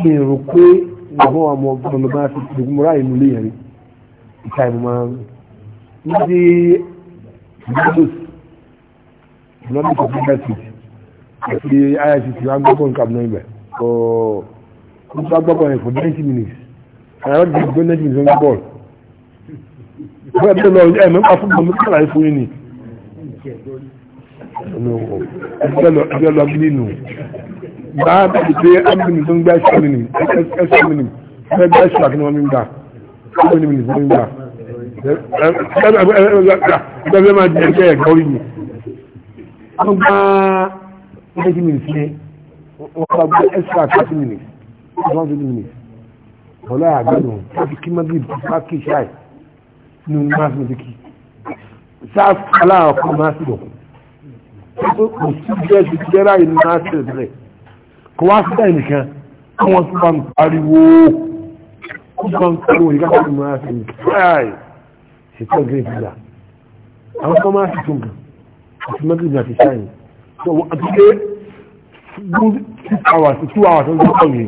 mi rò pé ìgbàgbọ́ wa mọ ọgbọ́n ló máa fi gbogbo mo ráàyè nílé yẹn rí ìta ẹni máa ń ní ti ìgbàgbọ́sì lọ́dún tó fi bẹ́ẹ̀ àti IRCC wá gbọ́gbọ́ nǹkan àbúrò ibẹ̀ ooo bá gbọ́gbọ́ yẹn for ninety minutes àwọn ọ̀dọ́ ìgbẹ́ ninety minutes wọ́n bọ́ọ̀lù bẹ́ẹ̀ bẹ́ẹ̀ lọ ẹ̀ mẹ́fà fún mi kọ́lá ìfún yín ni ẹgbẹ́ lọ bí nínú bá a pé amúnì tó ń gbá ẹ̀sẹ̀ mi ni ẹ̀sẹ̀ mi ni ẹ̀sẹ̀ gbá ẹ̀sẹ̀ àti wọ́n mi ń gbà ẹ̀sẹ̀ mi ni wọ́n mi ń gbà ẹ̀sẹ̀ mi ni wọ́n mi ń gbà ẹ̀sẹ̀ mi ni wọ́n mi ń gbà 20 minutes ní wọ́n bá gbé extra 30 minutes 20 minutes bọ́lá àgbàdùn láti kí magrib bá kí ṣáì ní mass medici south aláwọ̀ fún mass dọ̀kù kò sí jẹ́ ti jẹ́ ráyè ní mass rẹ̀ kò wá sí ẹ̀ nìkan kí wọ́n tún bá ń pariwo kó bá ń pariwo yìí káàkiri mass rẹ̀ ṣáì ṣètò gírèjì là àwọn tó máa ṣètò nǹkan àti magrib àti ṣáì so àti pé gún six hours to two hours ọdún tó yẹ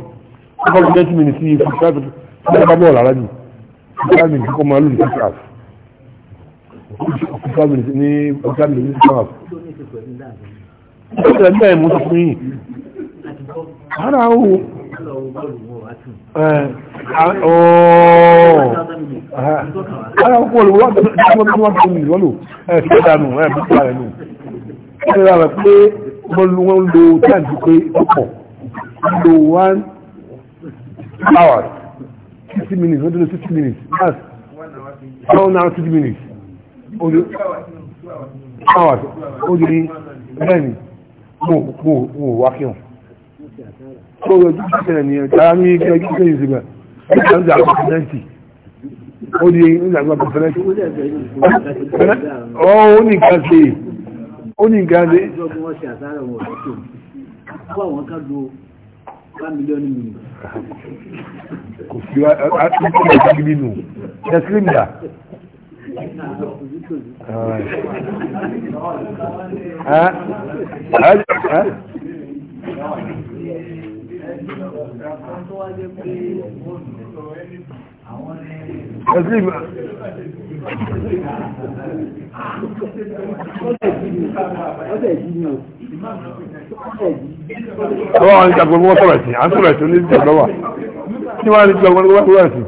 ó kọ́ lu thirty minutes yìí fún five minutes fún ẹgbẹ́ bọ́ọ̀lù aláàjì five minutes kọ́ máa lù ní six hours fún five minutes ní five minutes ní six hours. ó ṣe bẹ́ẹ̀ mú sọ fún yìí. ara o. ara o kọ́ lu wọ́n ti wọ́n ti wọ́n ti wọ́n lò ẹ̀ fi dànù ẹ̀ bí wọ́n rẹ̀ nù ẹ̀rọ rárá pé wọ́n lo táìmù pé ọ̀pọ̀ lo one hour fifty minutes One tó lo fifty minutes that's one hour fifty minutes ojú hours ojú ní bẹ́ẹ̀ni mo wá kí wọn. tó o yọjú sísẹ̀ ní ẹ̀ka ní ẹgbẹ́ ẹgbẹ́ ìsìnkà ẹ̀ka ń jà pẹ̀lẹ́ntì ó di ẹ̀ka ń jà pẹ̀lẹ́ntì ó ní nǹkan ṣe ó ní nǹkan lé kò sí àtúntò ìgbàgbé nínú ẹ̀sìn ìdá ẹ̀sìn ìgbà lọ́wọ́ àwọn ìjàgbọ́ ni wọ́n sọ̀rọ̀ sí à ń sọ̀rọ̀ sí oníṣẹ́ ìjọba tí wọ́n á ní ìjọba ni wọ́n sọ̀rọ̀ sí.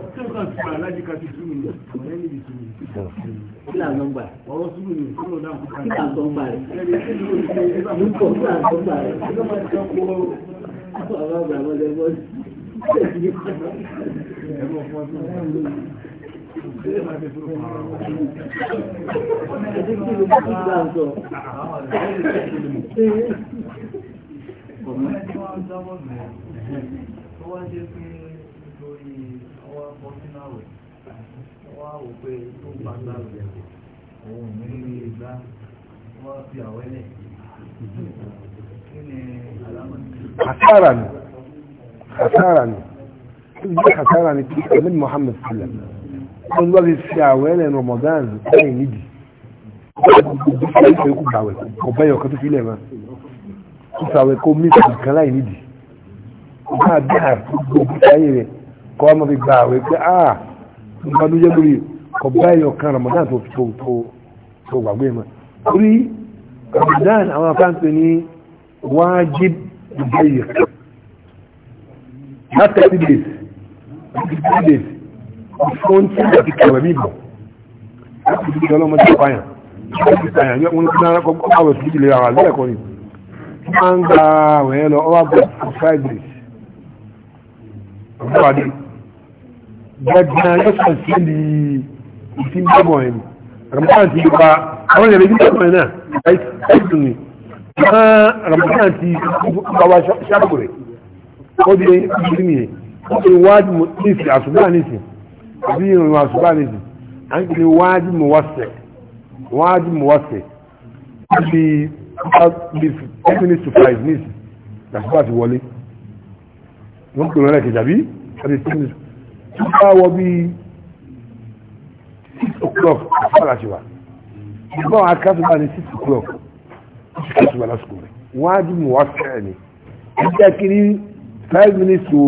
Hasara ni, hasara ni, hasara ni, Muhammad sallallahu alaihi wasallam wọ́n ti wá fi fi àwẹ̀ ẹ̀rẹ̀ Ramadan báyìí nídìí ọ̀bẹ kò gbàwẹ̀ ọ̀bẹ yọ̀kan tó fi lẹ̀ ma kò sàwẹ̀ kò mí kàn láì nídìí ọba bí àgbègbè ayé rẹ̀ kọ́ ọmọ fi gbà àwẹ̀ pé a nǹkan tó jẹ́ lórí ọ̀bẹ yọ̀kan Ramadan tó tó tó tó gbàgbé ma orí Ramadan àwọn afáǹpẹ ní wájib ìgbéyìí láti three days three days fún tí ó ti kẹwẹ̀ mí bọ̀ láti fi ìjọ ọlọ́mọdé pààyàn láti pààyàn yọ wọn náà kọ́ àwẹ̀ sí ìlera wà lẹ́yìn ẹ̀kọ́ ni wọ́n máa ń gba àwẹ̀ ẹ lọ ọwọ́ gba five days ọjọ́ adé gbẹ̀gbẹ̀ yọ̀sán sí ní ìsín bọ́bọ̀ ẹ̀ mi ramadan ti gba àwọn èèyàn méjì bọ́bọ̀ ẹ̀ náà láìsí ni ramadan ti gba wa ṣàbùkù rẹ̀ ó di ní ìwádìí ní ìsìn àṣùgbọ́n ní ìsìn àbí ìrìn àṣùbà nìyí à ń pè wájú mu wọ́sẹ̀ wájú mu wọ́sẹ̀ bí bí ten minutes to five minutes làṣùbà ti wọlé wọ́n pè wọ́n lẹ́kẹ̀ẹ́ tàbí àti ten minutes tó bá wọ bí six o'clock àṣùbà làṣùbà ìgbà wọn akásùbà ní six o'clock àṣùbà làṣùbà wájú mu wọ́sẹ̀ ni ẹgbẹ́ kiri five minutes to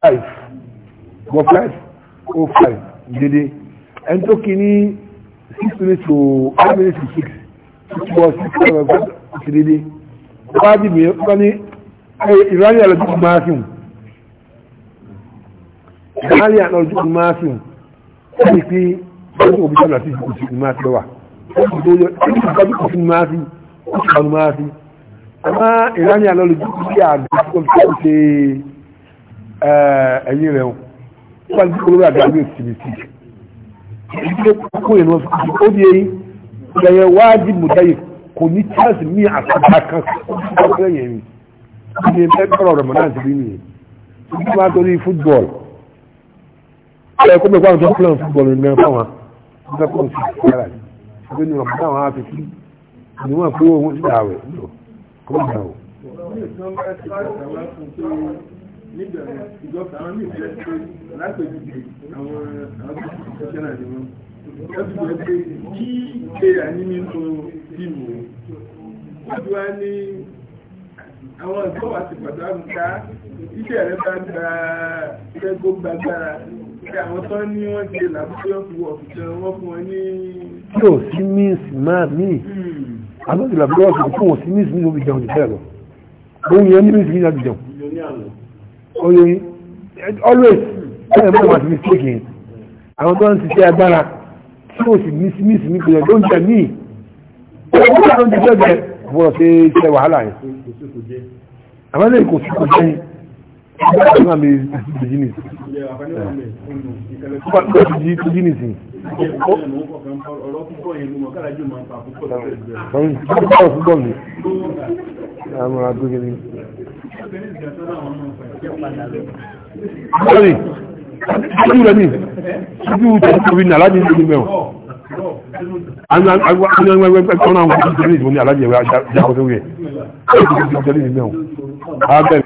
five go five o oh five dede ẹni tó kí ní six minutes to five minutes to six six four six seven four ti dédé wájú mi wọ́n ní ìrọ̀lẹ́ àlọ́jú kò máa fi hùn ìrọ̀lẹ́ àlọ́jú kò máa fi hùn ẹni pé wọ́n tó bí sọ́nà àti ìsìnkú sí máa fi lọ́wà ẹni tó yọ ẹni tó kọjú kò sí máa fi ó sì kọnu máa fi àmọ́ ìrọ̀lẹ́ àlọ́jú kò sí àgbẹ̀ tó fi ṣe ẹ̀yìn rẹ̀ hùn wọ́n ti kúrò àgbà ní ìsinmìsì ilé kókó yẹn lọ sí ó di eyín ìgbẹ̀yẹ wáájì mùdáyì kò ní chance ní àkàtà kan ọ̀pọ̀ yẹn ni ní ẹgbẹ́ bọ́rọ̀ rẹ̀ mọ́nà síbí nìyẹn ní máa torí fútbọ́ọ̀lù ẹ̀ kó bẹ̀rẹ̀ pàtó plan fútbọ́ọ̀lù ní ẹgbẹ́ fáwọn ẹgbẹ́ pọ̀ sí ìgbàlá ẹgbẹ́ ní ọ̀pọ̀ àwọn afẹ́kí ni wọ́n pé wọ́n ń ṣe àwẹ̀ lọ kó bẹ̀rẹ̀ nígbà ìjọba àwọn míì jẹ́ pé lápèjúwe àwọn àwọn ìṣẹ́nà ni wọ́n lọ́sí jẹ́ pé kí ṣe àní nínú fíìmù wọ́n wá ní àwọn ìgbọ́wà ti pàtàkì ká iṣẹ́ rẹ̀ bá gba iṣẹ́ tó gbàgbára kí àwọn tó ní wọ́n ṣe làbúkọ́ fi wọ̀ fìtàn wọ́n fún wọn ní. kí o sí miss máa mí àlọ́ ìlàbúkọ́ fi fún wọn sí miss miss ó fi jẹun lọ òun yẹn ní miss miss á fi jẹun oye always ẹ mọ̀ wá sí mistake yẹn àwọn tó ń ṣiṣẹ́ agbára tí o sì miss miss ní pẹ̀lú ẹ̀dọ́ oúnjẹ míì ọ̀pọ̀ tó ń ṣiṣẹ́ bẹ̀ wọ́n ṣe ṣe wàhálà yẹn àmọ́ lè kò sí kò jẹ́ yẹn ọgbà tó máa mi bìjì nìsí tó jí nìsí. ọ̀rọ̀ púpọ̀ yẹn ló mọ̀ kára máa ń pa púpọ̀ lọ́wọ́ ẹgbẹ́. ọ̀rọ̀ ń pa púpọ̀ lọ́wọ́ ẹgbẹ́. Bẹ́ẹ̀ni, ojú rẹ̀ ni, ojú tẹ̀síwì ní aláàjì ìlú mẹ́wọ̀n. Àwọn àwọn àwọn ẹgbẹ́ kan náà wọ́n ti tẹ̀lé ìdìbò ní aláàjì ẹ̀wẹ̀ àjáwọ́ tó rẹ̀. Àwọn ẹgbẹ́